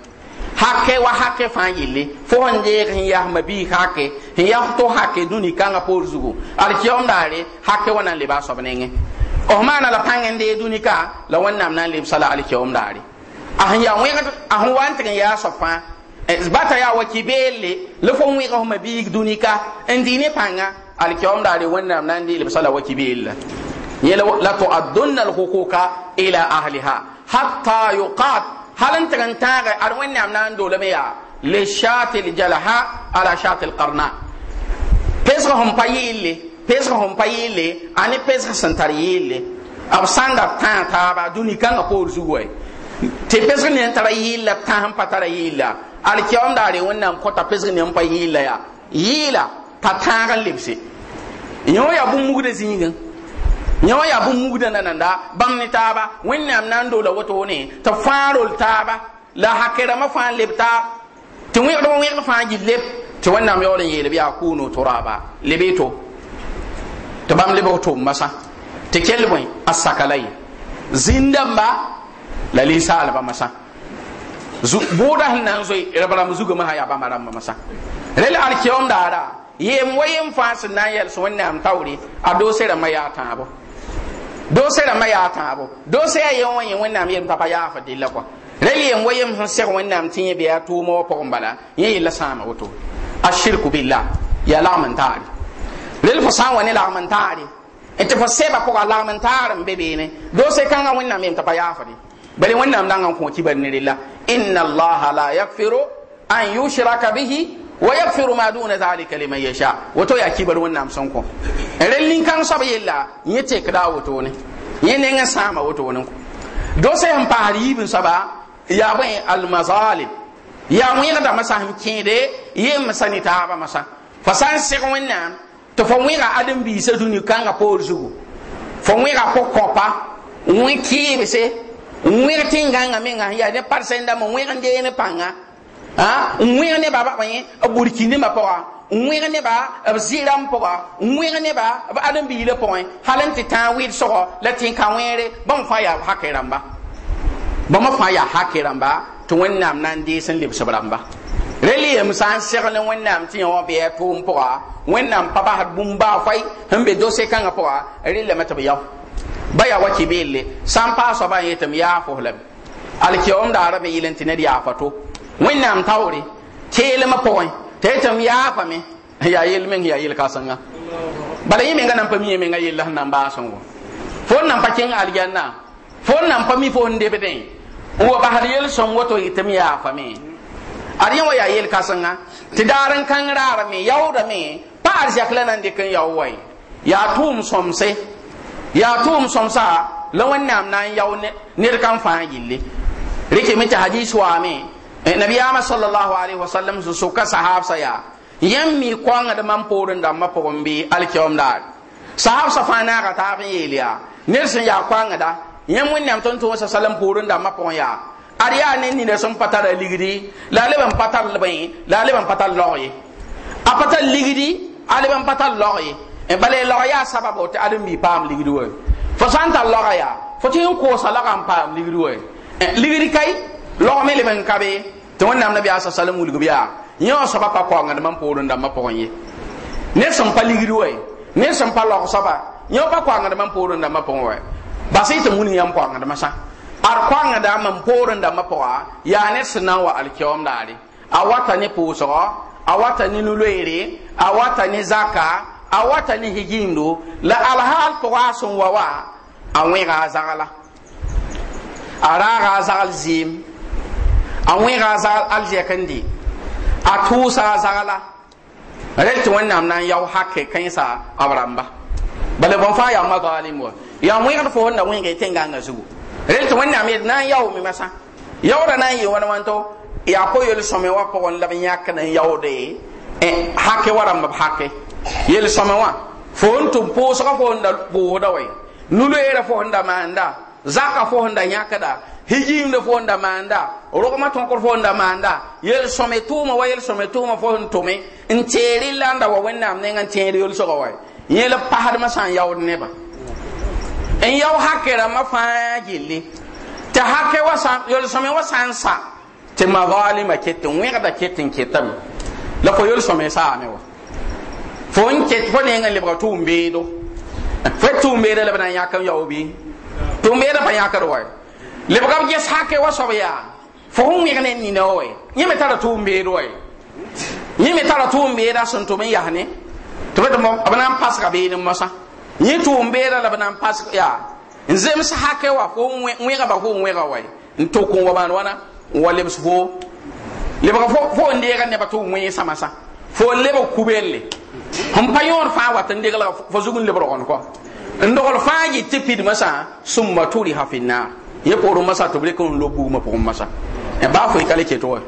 hake wa hake fãa yelle fo sẽn deeg ya ma bi hake sẽn yas to hake dũni kãngã poor zugu alkiyaoomdaare hake wa nan leb a soab nengẽ f maana la pãng de dũni ka la wẽnnaam na n leb sala alkiyaoomdaare a sẽn ya wẽgd a sẽn wan n ya so fa soab fãa bata yaa wa kibeelle la fo n wẽgsma dũni ka n dɩɩ ne pãnga alkiyaoomdaare wẽnnaam na n sala wa kibeella yela la al alhuquqa ila ahliha hatta yuqat halin tigan tãage ad wẽnnaam na n doolame yaa le shatil jalaha ala shatil qarna pesg sẽn pa yɩɩlle pesg sẽn pa yɩɩlle a ne pesg sẽn tar yɩɩlle b sãnga b tãag taaba dũni-kãngã poor ne n tara yɩɩlla b tãag n pa tara yɩɩlla alkiaomdaare wẽnnaam kõta pesg ne n pa yɩɩlla yaa yɩɩla pa tãag n ya yẽ wã yaa bũmb-mugda nyawa ya bu mugda mugdã na nanda ni taba taaba am nan do la wotone ne ta farol taaba la hakɛrãmã fãa lebta, ti wi do wi fa ji leb ti wanna yaool yore yele yaa kuuno turaba leb y to Ta bãmb lebg tʋʋm masã tɩ kell bõe a saka la ye zĩn ba, masa zu boda bʋʋda sẽn na n zoe rb rãmb zugame sã yaa bãmba rãmbã rel al daara yeem yem wayem fa sunayel so wanna am tawri a doose rãmbã do se rãmbã yaa tãabo do ya yi yẽ wã yẽ wẽnnaam yem ya yaafa della kɔa rel yem wa yem sẽn seg wẽnnaam tɩ yẽ be yaa tʋʋmã wã pʋgẽ bala yẽ yella sãama woto ashirku billah yaa lagm n taare rel fo sã n wa ne lagm n taare n tɩ fo sɛba pʋga lagm n taar n be beene do se kãngã wẽnnaam yem tɩ pa yaafde bale wẽnnaam dãngã n kõ tɩ bar ne rella inna allaha la yakfiru an yushraka bihi wa yaghfiru ma duna zalika liman yasha wato ya kibar wannan sanko rallin kan sab yella yete kada wato ne yene nga sama wato ne do sai han pahari ibn saba ya bai al mazalim ya mun yaka da masa ham kinde yem masani ta ba masa fasan sai wannan to fa mun ga adam bi sai duni kan ga por zugu fa mun ga ko kopa mun kibe sai mun tinga nga menga ya ne parsenda mun ga ndene panga ah n wẽg nebã ba bẽ b burki nembã pʋga n wẽg nebã b zɩ rãmb pʋga n wẽg nebã b adem-biirã pʋgẽ hal n tɩ tãag wɩɩd-sogɔ la ka wẽere bãmb fãa yaa hake rãmba bãmb fãa yaa hake rãmba tɩ wẽnnaam na n dees lebsb rãmba rẽl sã n segl wẽnnaam tɩ yã wã bɩ yaa tʋʋm pʋga wẽnnaam pa basd bũmb baa fai n be dose-kãngã pʋga rẽllame e tɩ b yao ba yaa wa kɩ beelle sã n paas soabã n yetɩ m yaafos lame alkiom yɩl n tɩ ned yaafa to wẽnnaam taoore teelmã pʋgẽ tɩ y ya yaafame yaa yel meng yaa yel-kãsenga bala yẽ menga nan pa miyã menga yella sẽn nan baasengo fo n nan pa kẽng aljanna fo n nan pa mi fo n debdẽ n wa basd yel-sõng woto tɩ m yaafame ad yẽ wa yaa yel-kãsenga tɩ daar n kãng raarame mi. pa arzɛk la nan dɩk n yao wa yaa tʋʋm sõmse yaa tʋʋm sõmsa la wẽnnaam na n yao ned kãn fãa yelle rɩkeme tɩ hadiis waame Eh, nabiyama sallallahu alaihi wasallam su suka sahabsa ya yam mi kwanga da man porin da mapogom bi alkiyom da sahabsa fa ga ta yeliya ne sun ya kwanga da yam mun nam ton to sallam porin da mapogom ya ariya ne ni da sun ligidi laliban labai laliban a patar ligidi aliban eh, bale sababu ta alimi pam ligidi wo santa loya fo tin ko salaga pam ligidi wo eh, ligidi kai lo me le kabe tɩ wẽnnaam nabiyaa sa salam wilgb yaa yẽ wã soaba pa koongd mam poorẽ dãmbã pʋgẽ ye ned sẽn pa ligri wɛ ned sẽn pa log soaba yẽ wã pa koongd mam poorẽ dãmbã pʋgẽ wɛ bas y tɩ wing yãmb sã ad mam pʋga yaa ned sẽn na n wa alkiom daare a wata ne pʋʋsgɔ a ne nu-loeere ne zaka a ne la alhaal pʋga a sẽn wa wa a wẽga a zagla a raaga a wẽga alzɛkende a tʋʋsa a zagla rel tɩ wẽnnaam na n yao hake kãensa a b rãmba bala bõn fãa yaa ma zalim wa yaa wẽgd fo wani wẽnga y tẽngãngã zugu rel tɩ wẽnnaam yel na n yaoome masã yaoodã na n yɩ wãn wãn tɩ yaa po yel-sõme wã pʋgẽ la b yãkd n yaoode hake wa rãmb b hake yel-sõme wa fo po so ko fo fõnda da wai nulu era fo fõnda manda zaka fo fõnda da hijiim de fonda maanda rogma tõkr fonda maanda yel sõme tʋʋma wa yel sõme tʋʋma fo sẽn tʋme n teer y laanda wa wẽnnaam nengã n tẽed yolsgã wa yẽl pasadmã sã n yaood nebã n yao hake rãmbã fãa gilli tɩ hake wa yol-sõme wa sã n sa tɩ mazalima ket n wẽgda ket n ketame la fo yol sa saame wa fo n ket fo nengã lebga tʋʋm beedo fo tʋʋm beeda la b na n yãk n yao bee tʋʋm beeda pa yãkd lebga b ges hake wa soab yaa fo fõn wẽg ne nina wa yẽ me tara tʋʋm beed wa yẽ me tara tʋʋm beeda sẽn tʋm n yas ne tɩ b b na n pasga beed n mosã yẽ tʋʋm beeda la b na n pasg yaa n zems hake wa fo wẽgba fo n wẽga wa n tʋk n wa maan wãna n wa lebs foo lebga fo n deega nebã tɩ wẽensã masã fo n lebg kubelle n pa yõod fãa wat n deglga fo zugn lebg n kɔ n dogl fãa yɩ tɩ pidmã sã sũmba turiha fi ye pʋʋdẽ masa tɩ b rek n lo buumã pʋgẽ masa n baa fo y ka le ket wa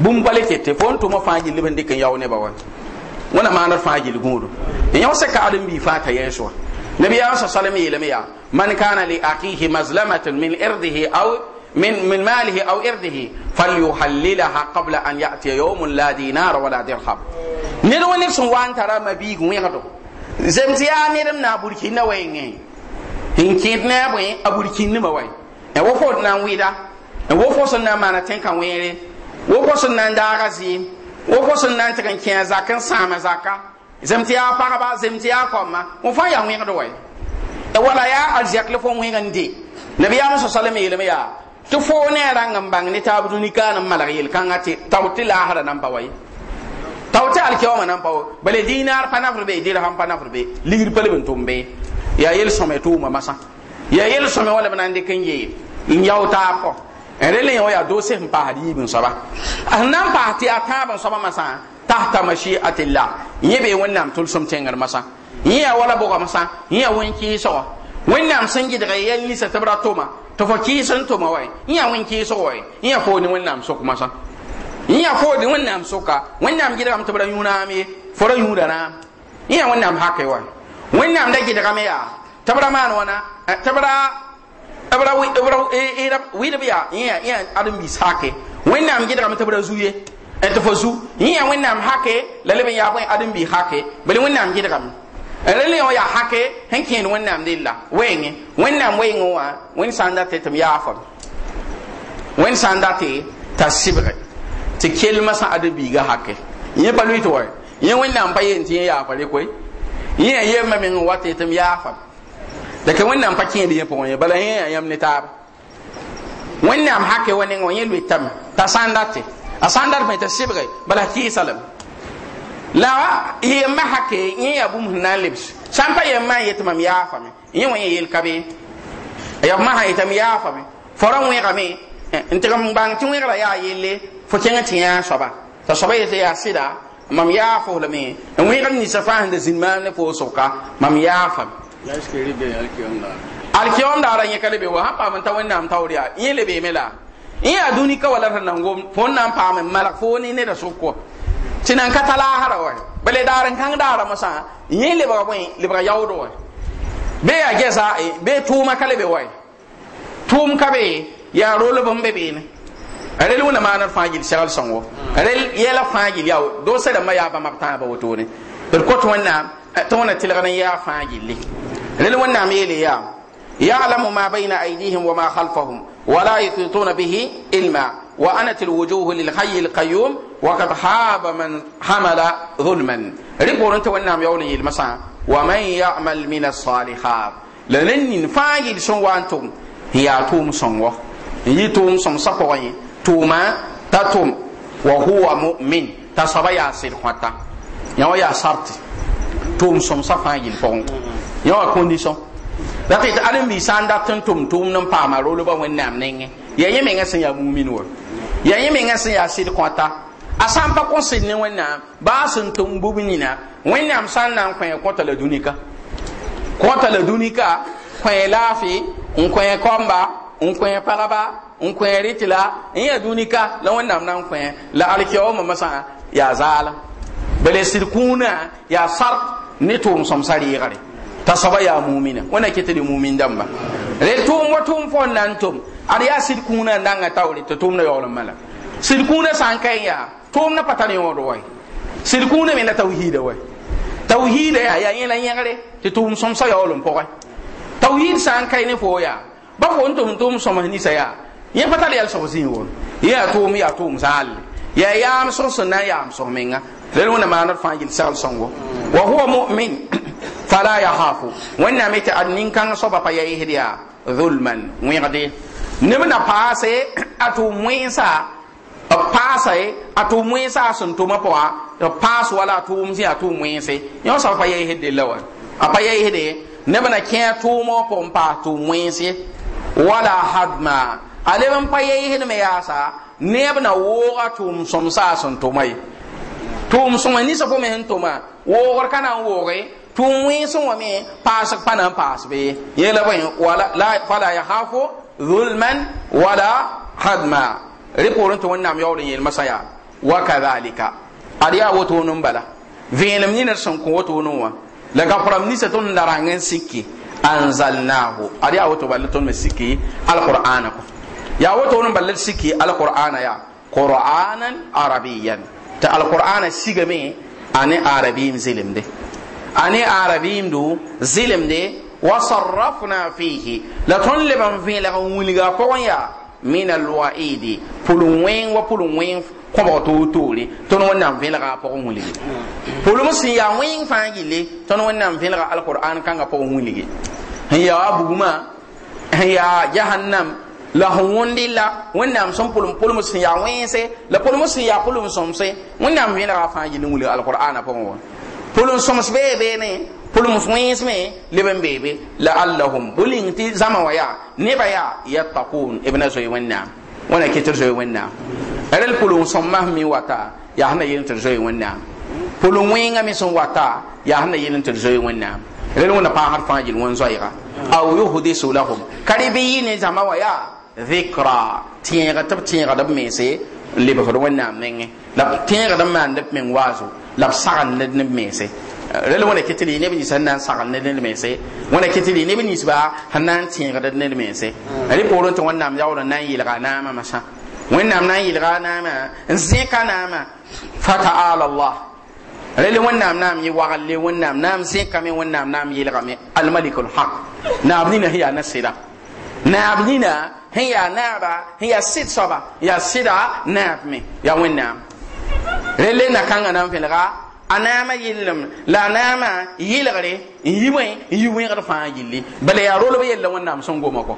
bũmb pa kete fo n tʋma fãa gill b n dɩk n yao nebã wa wẽna maanr fãa gill gũudo n yõ sẽkaagd n bii fãa t'a yẽes wa nabiyaam sa salam yeelame yaa man kana li akihi mazlamatn min irdihi aw من من ماله او ارضه فليحللها قبل ان ياتي يوم لا دينار ولا درهم ندو نفسن ne ترى na بيغ ويغدو زمتيا ندم نابوركي نوين ان كيد نابوي ابوركي نموي n wo fo d na n wɩɩda n wo fo na n maana kan kã wẽere wo fo sẽn na da daaga zɩɩm wo fo na n kan zakan kẽa zak n sãama zaka zem tɩ yaa pagba zem tɩ yaa kɔma fa ya yaa wẽgd wɛ wala ya arzɛk le fo wẽg nabi de nabiyaam sa salam ya. yaa tɩ ne ran ngam bang ni ne ni dũni-kaan kan ati tawti la hada tao tɩ laasra na n pa wa ye tao tɩ alkioma na be dirham pa nafr be pele pa ya yel-sõme ma masa. Ya yel-sõme wala leb kan yeyi n yao taab kɔ rẽ le yẽ wã do se sẽn paasd yiib n soaba sẽn na n paas tɩ yaa tãab n soaba masã tahta mashiatillah yẽ bee wẽnnaam tʋlsem tẽngr masã yẽ yaa wala bʋga masã yẽ yaa wẽn-kɩɩsgɔ Wannan sun gɩdg yɛl ninsã tɩ b ra tʋma tɩ fo kɩɩs n tʋma wa yẽ yaa wẽn-kɩɩsg wa yẽ yaa food Wannan wẽnnaam sok masã yẽ yaa food ne wẽnnaam soka wẽnnaam gɩdgame tɩ b ra yũ raam ye fo ra yũuda raam yẽ yaa wẽnnaam da gɩdgame yaa tɩ b ra wana, wãna eh, bra wi bra era e, e, wi de ya ya e, ya adam bi sake wẽnnaam nam tɩ b ra zuye n tɩ fo zu yẽ nam hake lele leb ya yaa adam bi hake bele wẽnnaam gɩdgame la le yõ yaa hake sẽn kẽed wẽnnaam della wɛɛngẽ wẽnnaam wɛɩngẽ wã wẽnd wa n sanda te m ya wẽnd sã sanda te t'a te tɩ masa adam bi ga hake yẽ pa lʋɩ tɩ wa yẽ wẽnnaam pa yeen tɩ ya yaafa re koe yẽ ye yembã meng n wa tɩ tɩ m yaafame la ka wẽnnaam pa kẽed yẽ pʋgẽ ye bala yẽ yaa yãmb ne taab wẽnnaam hake wa nengẽ wã yẽ t'a sã a sã n me t'a sɩbge bala kɩɩsa lame la yemma hake yẽ yaa bũmb sẽn na n lebs sã n pa yemma n yet mam yaafame yẽ wã yẽ yel ka ya ma ha itam yaafame fora wẽgame eh, n tɩg m bãng tɩ wẽgra yaa yelle fo kẽngã tɩ yãa soaba t'a soaba yetɩ yaa sida mam ya lame n wẽgr ninsã fãa da zĩnd maam ne pʋʋsg ka mam yaafame alkiyom da aran yekale be wa ha pam ta wanda am tawriya yele be mela in ya duni ka wala nan go fon nan pam mala foni ne da sokko tinan ka tala hara wa bale daran kan dara masa lebe ba boy le ba yawdo wa be ya gesa eh, be tuma kale be wa tum ka be ya rolo bam be be ne arel ma na fajil shal sango arel yela fajil yaw do se da ma ya ba mabta ba wotone per ko eh, to wannan to wannan tilgana ya fajil rel wẽnnaam yeele يعلم ما بين أيديهم وما خلفهم ولا يحيطون به علما وأنت الوجوه للحي القيوم وقد حاب من حمل ظلما ربور أنت والنام يولي المساء ومن يعمل من الصالحات لنن فاجل سوانتم هي توم سنوه هي توم سن سقوي توما تتوم وهو مؤمن تصبيا حتى يا سارتي tʋʋm sõmsa fãa yel pʋgẽ yã wa condition la tɩ ãdem-bi sã n dat n tʋm tʋʋmd n paama rolba wẽnnaam nengẽ yaa yẽ mengã sẽn yaa mumin wa yaa yẽ mengã sẽn yaa sɩd kõta a sã n pa kõ sɩd ne wẽnnaam baa sẽn tʋm bũmb nina wẽnnaam sã n na n kõe kõta la dũnika kõta la dũnika kõe laafɩ n kõe kɔmba n kõe pagba n kõe rɩtɩ la n yaa dũnika la wẽnnaam na n kõe la arkɛoomã masã yaa zaala bale sirkuna ya sar ne to som sari gare ta saba ya mu'mina wana kete de mu'min damba re to wa to fon nan to ar ya sirkuna nan ga tawli to to na yawon mala sirkuna san kai ya to na patani yodo wai sirkuna me na tauhida wai tauhida ya ya yana gare to to som sa yawon po wai tauhid san kai ne fo ya ba fo to to som ni sa ya ya patali al so sin won ya to ya to msal ya ya am so sunna ya am so menga lel wẽnna maan d fãa yel saglsõngo wa huwa mu'min fala yahafu wẽnnaam yetɩ ad nin-kãng soaba pa ya yɩsd yaa zulman wẽgde neb na paase a tʋʋm wẽnsa b paasa ye a tʋʋm wẽnsa a sẽn tʋma pʋga b paas wala a tʋʋm zĩ a tʋʋm wẽnse yõ a pa ya yɩsd della wa a pa ya yɩsd ye neb na kẽ a pʋgẽ paas tʋʋm wẽnse wala hadma a leb n pa ya yɩsd me yaasa neb na wooga tʋʋm sõmsa a sẽn tʋma ye tʋʋm sõma ninsã fo me sẽn tʋma woogr ka na n wooge tʋʋm wẽn sẽn me paasg pa na n paasbe yeela bõe fala yahafu zulman wala hadma rẽ poorẽ tɩ wẽnnaam yaool n yeelmasã yaa wakadhalika ad yaa wotoon n bala vẽenem nina sẽn kõ wotoon wã la gaprame ninsã tõnd la rãng n sɩke anzalnahu ad yaa woto bala tõnd me sɩke alqur'ana kõ yaa wotoon n bala d sɩke alqur'ana yaa qur'anan arabiyan ta alqur'ana sigame a ne arabiim zelemde a ne arabiimdu zelemde wa sarrafna fihi la tunliban fi la vẽelg n wilga min alwaidi pʋlum wẽng wa pʋlum wẽng kõbg toor-toore tõnd wẽnnaam fi la pʋgẽ wilge pʋlm sẽn yaa wẽng fãa yelle tõnd wẽnnaam vẽlga alqur'an kãngã pʋgẽ wilge n yaa wa bugumã n ya jahannam la sẽn wõnd la wẽnnaam sẽn pʋlm pʋlm sẽn yaa wẽense la pʋlm sẽn yaa pʋlm sõmse wẽnnaam vẽnegã fãa yɩl n wuli alqurana pʋgẽ wã pʋlm sõms bee beene pʋlm wẽns me leb n bebe la allahum bʋling tɩ zãma wã yaa ba ya ya b na zoe wẽnnaam wannan kɩ tɩ zoe wẽnnaam rel pʋlm sõm wata ya sẽn na yɩl n tɩ d zoe wẽnnaam wata yaa na yɩl n rel wẽnna paam d fãa yel wẽn zoɛɛga aw yuhdisu lahum kare yɩ ne zãma wa yaa dhikra tẽega tɩ b tẽegd b mense n lebsd wẽnnaam mengẽ la tẽegd n maand b meng waazo la b sagend ne b mense rel wẽna ket neb nins sẽn na n sagend ned ned wẽna ket neb sẽn na n tẽegd ned mense rẽ poorẽ tɩ wẽnnaam yaoor n na n yɩlga naamã masã wẽnnaam na n yɩlga naamã n zẽka naamã allah rele wẽnnaam na n yɩ wagl le wẽnnaam na n zẽkame wẽnnaam na n yɩlgame almalik lhaq naab nina sẽn yaa nasɩda naab nina sẽn yaa naaba sẽn yaa sɩd soaba n yaa sɩda naab me yaa wẽnnaam rele nakãngã na n vẽlga a naamã yellem la a naamã yɩlgre n yi wẽ n yi wẽgd fãa yilli bala yaa rolb yella wẽnnaam sẽn goma kɔ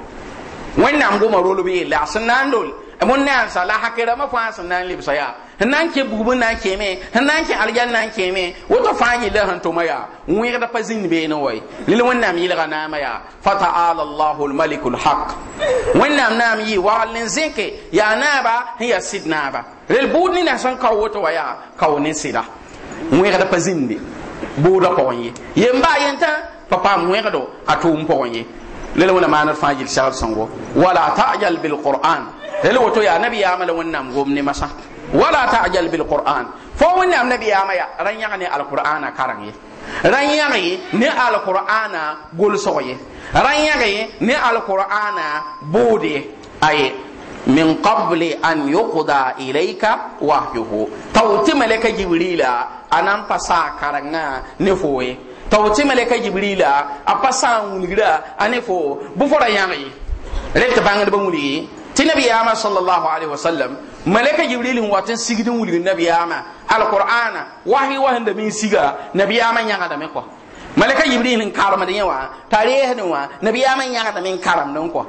wẽnnaam goma rolb yella a sẽn na n dol bõn-naan sa la hakɩrãmã fãa sẽn na n lebsa yaa nan ke bubu nan ke me nan ke aljan nan ke me wato fanyi la han to maya wira pa zin be no wai lil wannan yi la na maya fa ta'ala Allahu al malik al haq wannan nam yi wa alin zinke ya na ba ya sid ba lil budni na san ka wato waya ka woni sida wira pa zin be buda pa wonye yemba yenta papa wira do atum pa wonye lele wona manar fajil shar sango wala ta'jal bil qur'an lele wato ya nabi ya amala wannan gomne masa ولا تعجل بالقران فهو نعم نبي اما يا ران يغني القران كارغي ران يغني ني القران قول سوي ران يغني ني القران بودي اي من قبل ان يقضى اليك وحيه توتي ملك جبريل ان انفسا كارنا نفوي توتي ملك جبريل ابسا ونغرا انفو بفر ريت بانغ دبولي تنبي اما صلى الله عليه وسلم malaika jibrilin watan sigidin wulgin nabiyama alqur'ana wahi wahin da min siga nabiyama nyanga da me ko malaika jibrilin karama da yawa tarihin da wa nabiyama nyanga da min karam don ko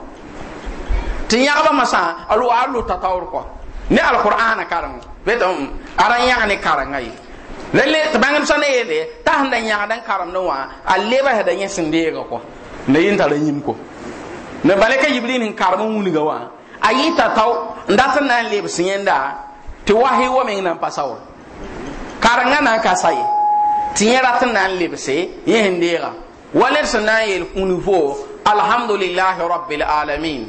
tin ya ba masa alu alu tatawur ko ne Alkur'ana karam betam mm, aran yanga ne karam ngai lalle tabangan sana yele ta handa nyanga dan karam don wa alleba da yesin de ko ne yin tarin yin ko ne malaika jibrilin karma ga wa ayi ta taw nda san nan le bisiyenda ti wahi wa min nan pasaw karanga nan ka sai ti yara tan nan le bisi yihin hindira wala san nan yel kunufo alhamdulillah rabbil alamin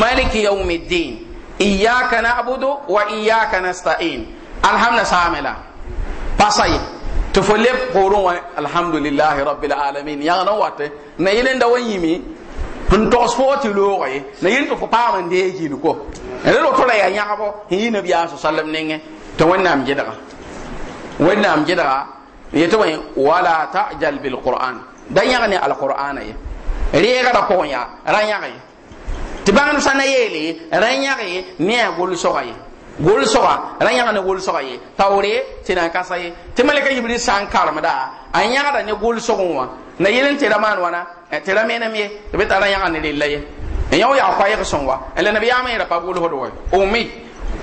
malik yawmiddin iyyaka na'budu wa iyyaka nasta'in alhamna samila pasai to fo le korun wa alhamdulillahi rabbil alamin ya nan wate na yelen da wanyimi n fo footi loogye na yel tɩ fo paam n dee gil ko la lo tora yaa yãgbɔ n yi nabiyaa sa sallam nengẽ tɩ wẽnnaam gɩdga wẽnnaam gɩdga yetɩ wẽ wala tajal bilquran da yãg ne alqurana ye reegda pʋgẽ yaa ra yãg ye tɩ bãngd sã na yeele ye ra yãg ye ne a gol-soga ye gol-soga ra yãg ne gol-soga ye taoore tɩ na n kasa ye tɩ malka yibri sã n karemda a yãgda ne gol-sogẽ wã na yelen tera man wana eh, tera menam ye be tara yang ne lilla ye en eh, yaw ya kwa ye son wa ele eh, nabi yama ira pabul hodo wa ummi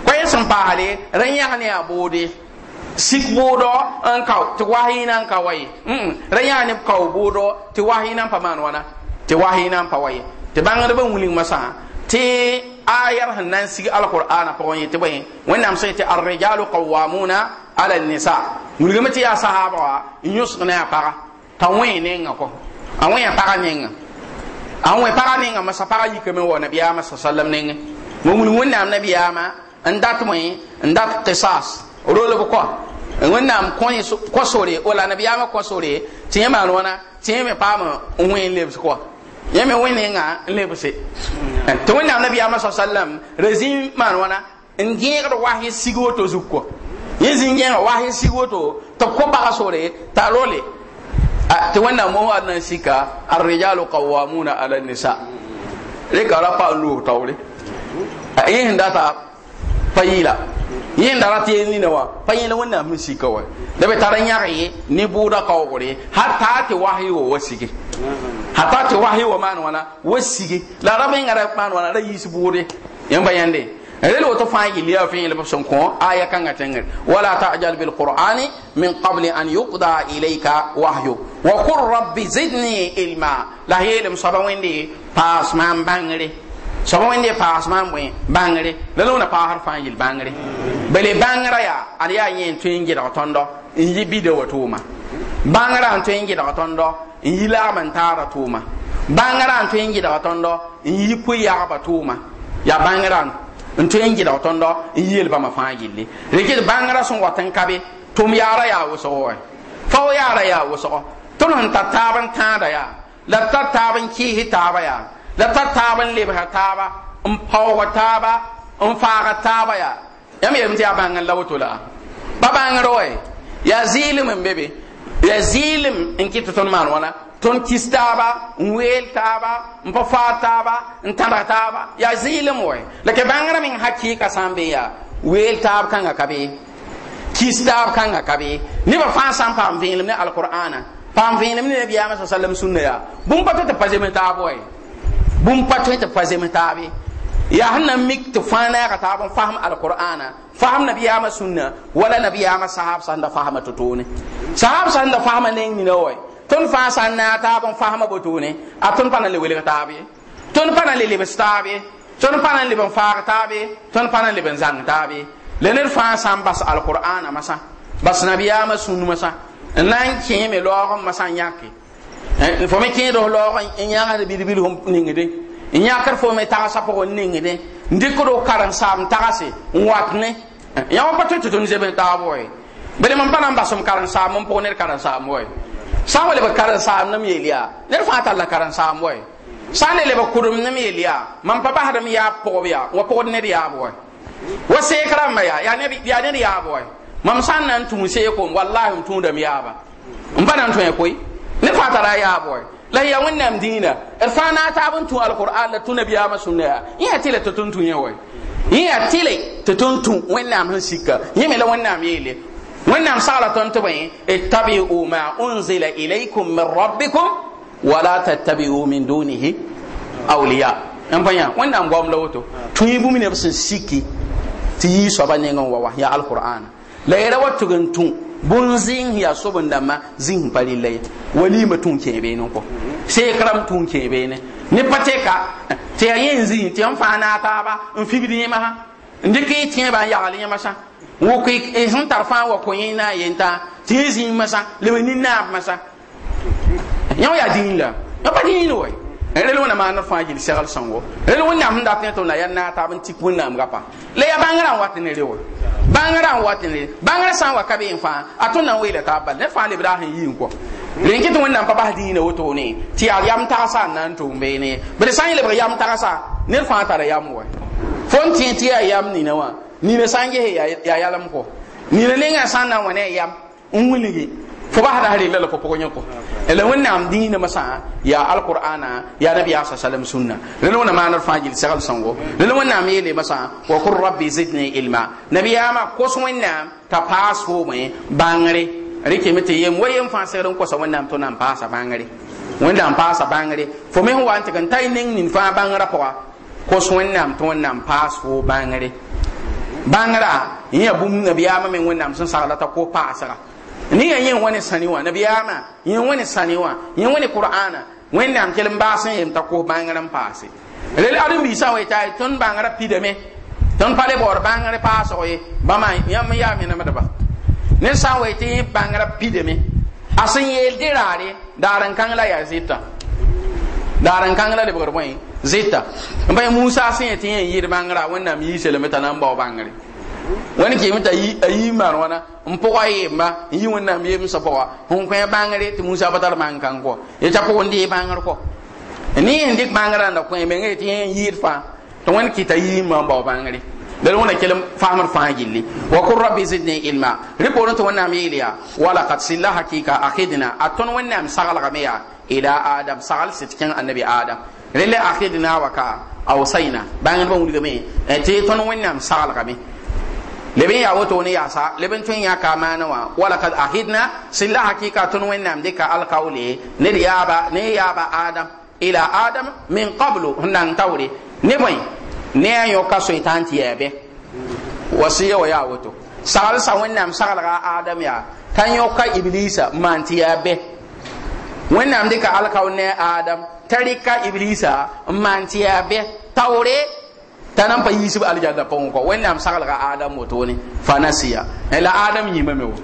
kwa ye son pa hale ran yang ne abode sik bodo an kaw to wahi an ka waye mm ran yang ne kaw bodo to wahina nan pa man wana to wahi nan pa waye to bangar ban wulin masa te ayar hannan sigi alqur'ana pa wani te bayin wannan sai te arrijalu rijalu qawwamuna ala nisa wulgama te ya sahaba ne ya para t'a wẽ nenga kɔ a wẽ a pagã nenga a wẽ pagã nenga masã pagã yikame wa nabiyaamã sa sallam nengẽ ma wing wẽnnaam nabiyaamã n dat wẽ n dat qisas rolb kɔ wẽnnaam kõsore wala nabiyaamã kõsore tɩ yẽ maan wãna tɩ yẽ me paam n wẽ n lebs kɔ yẽ me wẽ nenga n lebse tɩ wẽnnaam nabiyaamã sa sallam rezĩm maan wãna n gẽegd wasẽ sig woto zug kɔ yẽ zĩn gẽega wasẽ sig woto tɩ b kõ baga sore t'a role Ah, tɩ wẽnnaam mo wa d nan sika arrijalu qawwamuna ala nisa rɩka ra pa n loos taoore ah, yẽsẽn data pa yɩɩla yẽnda ra tɩ yel nina wã pa yẽla sika wa da be taran yãg ye ne buudã kaoogr ye har taa tɩ wa wa hatta ti wahyi wa man wana wa la ra bẽnga ra maan wãna ra yiis buude yẽ pa yãnde رلو تفاي إليا في إلي بسم آية كنغة تنغر ولا تعجل بالقرآن من قبل أن يقضى إليك وحيو وقل رب زدني علما لا يلم سبوين دي فاسمان بانغري سبوين دي فاسمان بوين بانغري للونا فاهر فانجل بانغري بلي بانغرا يا أليا يين تنجي رغتندو إنجي بيدو وطوما بانغرا أن تنجي رغتندو إنجي لامن تارا توما بانغرا أن تنجي رغتندو إنجي بويا عبا توما يا بانغران n tõe n gɩdg tõndɔ n yeel bãmba fãa gilli rɩkd bãngrã sẽn wat n kabe tʋm yaara yaa wʋsg wɛ fao yaara yaa wʋsg tõnd sẽn tar taab n tãada yaa la b tar taab n kɩɩsɩ taaba yaa la tar taab n lebsa taaba n um paooga taaba n um faaga taaba yaa yãmb yeelame tɩ yaa bãng n la woto la ba bãngr wɛ yaa zɩɩlem n be be yaa zɩɩlem n kɩt tɩ tõnd maan wãna tõnd kis taaba n weel taaba n pa faar taaba n tãdg taaba yaa zɩɩlem wɛ la kɛ bãngrã meŋ hakɩɩka sã n be yaa weel taab kãngã ka be kis taab kãngã ka be nebã fãa sã n paam vẽelem ne alkʋr'aana paam vẽelem ne nabiyaamã sa sallam sũnna yaa bũmb pa tõe tɩ pa zems taab wɛ bũmb pa tõe tɩ pa zems taabe yaa sẽn na n mik tɩ fãa naaga taab n fasem alkʋr'aana fasem nabiyaamã sũnna wala nabiyaamã sahaab sã n da fasma to-toone sahaab sã n da fasma neng nina wɛ tõnd fãa sã na a taab n fasma botone a tõnd pa na le welg taab ye pa na le lebs taab ye tõnd pa na leb n faag taab ye tõnd pa na leb n zãng taab ye la ned fãa bas masã bas nabiyaamã masã n na n kẽeme laoog n masã n yãke fo me laoog n yãgsd bilbil f ningde n fo me ningde n dɩkd f karen tagse n wat ne pa tɩ tõnd zebs taab mam pa na n basem karen-saab n pʋg ned karen ye san wale ba karan saam nam yelia ner fa ta la karan saam boy san le ba kurum nam yelia man pa bahar mi ya pogo wa pogo ne ya boy wa se karam ma ya ya ne ya ne ya boy mam san nan tun se ko wallahi tun da mi ya ba in ba nan tun e koy ner fa ta ya boy la ya wannan dina irfana er ta bun tun alquran la tun biya ma sunna ya tile to tun tun ya boy ya tile to tun tun wannan han sikka yemi la wannan yele wẽnnaam sagla tõnd tɩ bõe ittabiu ma unzila ilaykum min rabbikum wala tattabiu min dunihi awliya n pa yã wẽnnaam gom la woto tõe bũmb neb sẽn siki ti yi soaba neng n wa wa yaa alqurana la yɛra wa tʋg n tũ bõn zĩig yaa sob n dãmbã zĩig pa rɩlla ye waliime tũ n kẽe beene n kɔ seekrame tũ n kẽe beene ne yin zin tɩ yaa fana n ba in n fãa naag taaba n fibd yẽmasã n dɩk y tẽebã n yagl yẽmasã wʋk sẽn e tar fãa wa kõ-yẽ na yenta tɩ yẽ e zĩig masã lebg ninnaab masã yã yaa dĩin la yã pa dĩin wa rel wẽna maan fãa gil segl sõngo rel wẽnnaam sẽn dat na yaa naag taab n tik wẽnnaam gapã la yaa bãngrã n wat ne wa bãngrã n wat ne bãngr sã n wa ka been fãa a tõnd na n weela taab bal ne fãa lebda sẽn yɩɩn kɔ rẽn kɩ tɩ wẽnnaam pa bas dĩinã wotone tɩ yaa yam tagsã n na n tʋʋm beene bd sã n yelbg yam tagsã ned fãa tara yam wa fo n tẽ tɩ yaa yam nina wã nina sã n ges yaa yalem kɔ nina lengã sã n na n wa ne yam n fo ba hada hari lalo fo pʋgẽ yẽ kɔ la wẽnnaam dĩinamã ya yaa alqur'ana ya nabi ya salam sunna rel wẽna maanr fajil sagal sango sõngo wonna wẽnnaam yeeleemã masa wa qur rabbi zidni ilma nabiyaamã kos wonna t'a paas me bangare rike mete yem wayem fa fãa ko so kosa am to na n bangare wonna am paasa bangare fo me ho wa n tɩg n tar neng ko fãa bãngrã pʋga am wẽnnaam tɩ wẽnnaam paas Bangare. bangra ya bum nabiyama men wẽnnaam sẽn sagla t'a ko paasga ne ya yẽ wani sãni wã nabiyama yẽ wani sãni wã yẽ wani qur'ana wẽnnaam kell n baas n yem t'a kos bãngrã n paase rel adem-biisã wa yet'a tõnd bãngrã pidame tõnd pa le baoor bãngr paasg ye bãmba yãmb yaa menemdba ned sã n wa yetɩ yẽ bãngrã pidame a sẽn yeel de raare daar n kãng la yaa zɩta daran kangra de bor boy zeta mbay musa sin tin yin yir mangra wannan mi sele meta nan ba bangare wani ke mita yi ayi mar wana mpoa ye ma yi wannan mi musa poa hun kwa bangare ti musa batar man kan ko ya ta ko ndi bangar ko ni indik bangra na ko me ngai tin yir fa to wani ke ta yi ma ba bangare dan wani kelam famar fa gilli wa qur rabbi zidni ilma riporto wannan mi ya wala qad silla hakika akhidna aton wannan sagala ga me ya ila adam sagal sit kin annabi adam rele akhidna wa ka awsaina bangan bon wulgame te ton wonnam sagal kame lebin ya wato ne sa lebin tun ya kama mana wa wala kad akhidna silla hakika tun wennam de ka alqawli ne ba ne ba adam ila adam min qablu hunan tawri ne boy ne yo ka so itanti yabe wasiya wa ya wato sagal sa wennam sagal ga adam ya kan yo ka iblisa manti be wẽnnaam dɩka alkaw ne adam t'a rɩka iblisa n maan tɩ yaa bɛ taoore t'a na n pa yiisb aljanna pʋgẽ kɔ wẽnnaam saglga adam wotone fa nasiya la adam yĩma me wo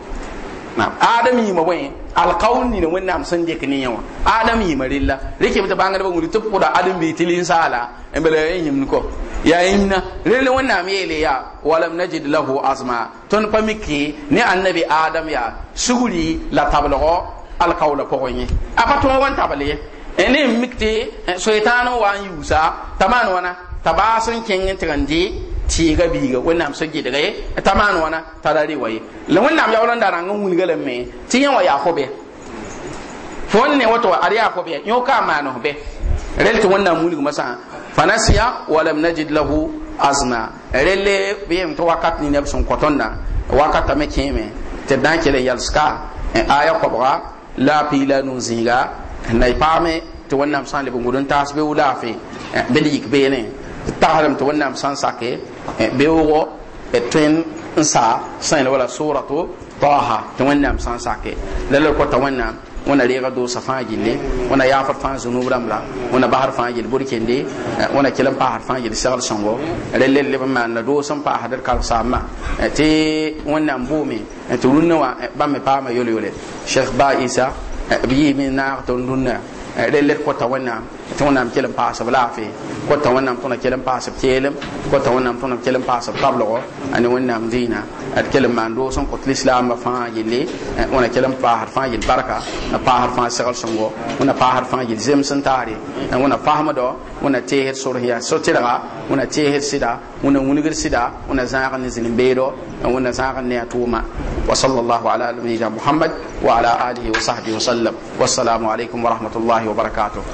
adam yĩma bõe alkawn nina wẽnnaam sẽn dɩk ne yẽ wã adam yĩma rella rɩkɩb tɩ bãngdbã wing tɩ pʋda adam bɩ tɩ linsaala n bala yaa yĩmd kɔ yaa yĩmna rell wẽnnaam yeele yaa walam najid lahu azma tõnd pa mike ne annabi adam yaa sugri la tablgɔ alkaola ko yẽ a pa tõog tabale tabl e ne n mik e, wa n yuusa t'a maan wãna t'a baas n kẽng wannan tɩg n dɩ tɩɩga biiga wẽnnaam sẽn gɩdga ye e t'a maan wãna t'a wa ye la wẽnnaam yaool n da wa yakobe fon ne wato ari yakobe yo ka ma maanos bɛ rel tɩ wẽnnaam wilgmã sã fanasiya walam najid lahu azna relle yem to wakat ni ne sun kotonda wakata me kime te dan kele yalska aya kobra la pila nun ziga na ipame to wannan san le bungudun tas be wula fe be lik be ne tahram to wannan san sake be wo etin nsa san wala suratu taha to wannan san sake lalle ko ta Wana reega Dosa fãa gille wẽna yaafr fãa zunub rãmba wẽna basr fãa yel burkende eh, wẽna kell n paasd fãa yel segl sõngo rel leb n maan doos n paasd d karsaamã eh, tɩ wẽnnaam eh, tɩ rũnnã wã bãmb me paama yol-yole chekh ba isa b yiime naag tɩ n rũnnã rel kota wẽnnaam tɩ wẽnnaam kell n paasb laafɩ kota wẽnnaam tʋna kell n paasb keelem kota wẽnnaam tʋna ani n dina at ane wẽnnaam dĩinã d kell n maan doos n kõt lislaambã fãa yelle wẽna kell n paasd fãa yel barka n paasd fãa segl-sõngo wẽna paasd fãa yel zems n taare wẽna fasmdo wẽna teesd sors yaa so-tɩrga wẽna sida sɩda wẽna wilgd sɩda wẽna zãag ne zĩn-beedo wẽnna zãag ne a tʋʋma وصلى الله على نبينا محمد وعلى اله وصحبه وسلم والسلام wa rahmatullahi wa barakatuh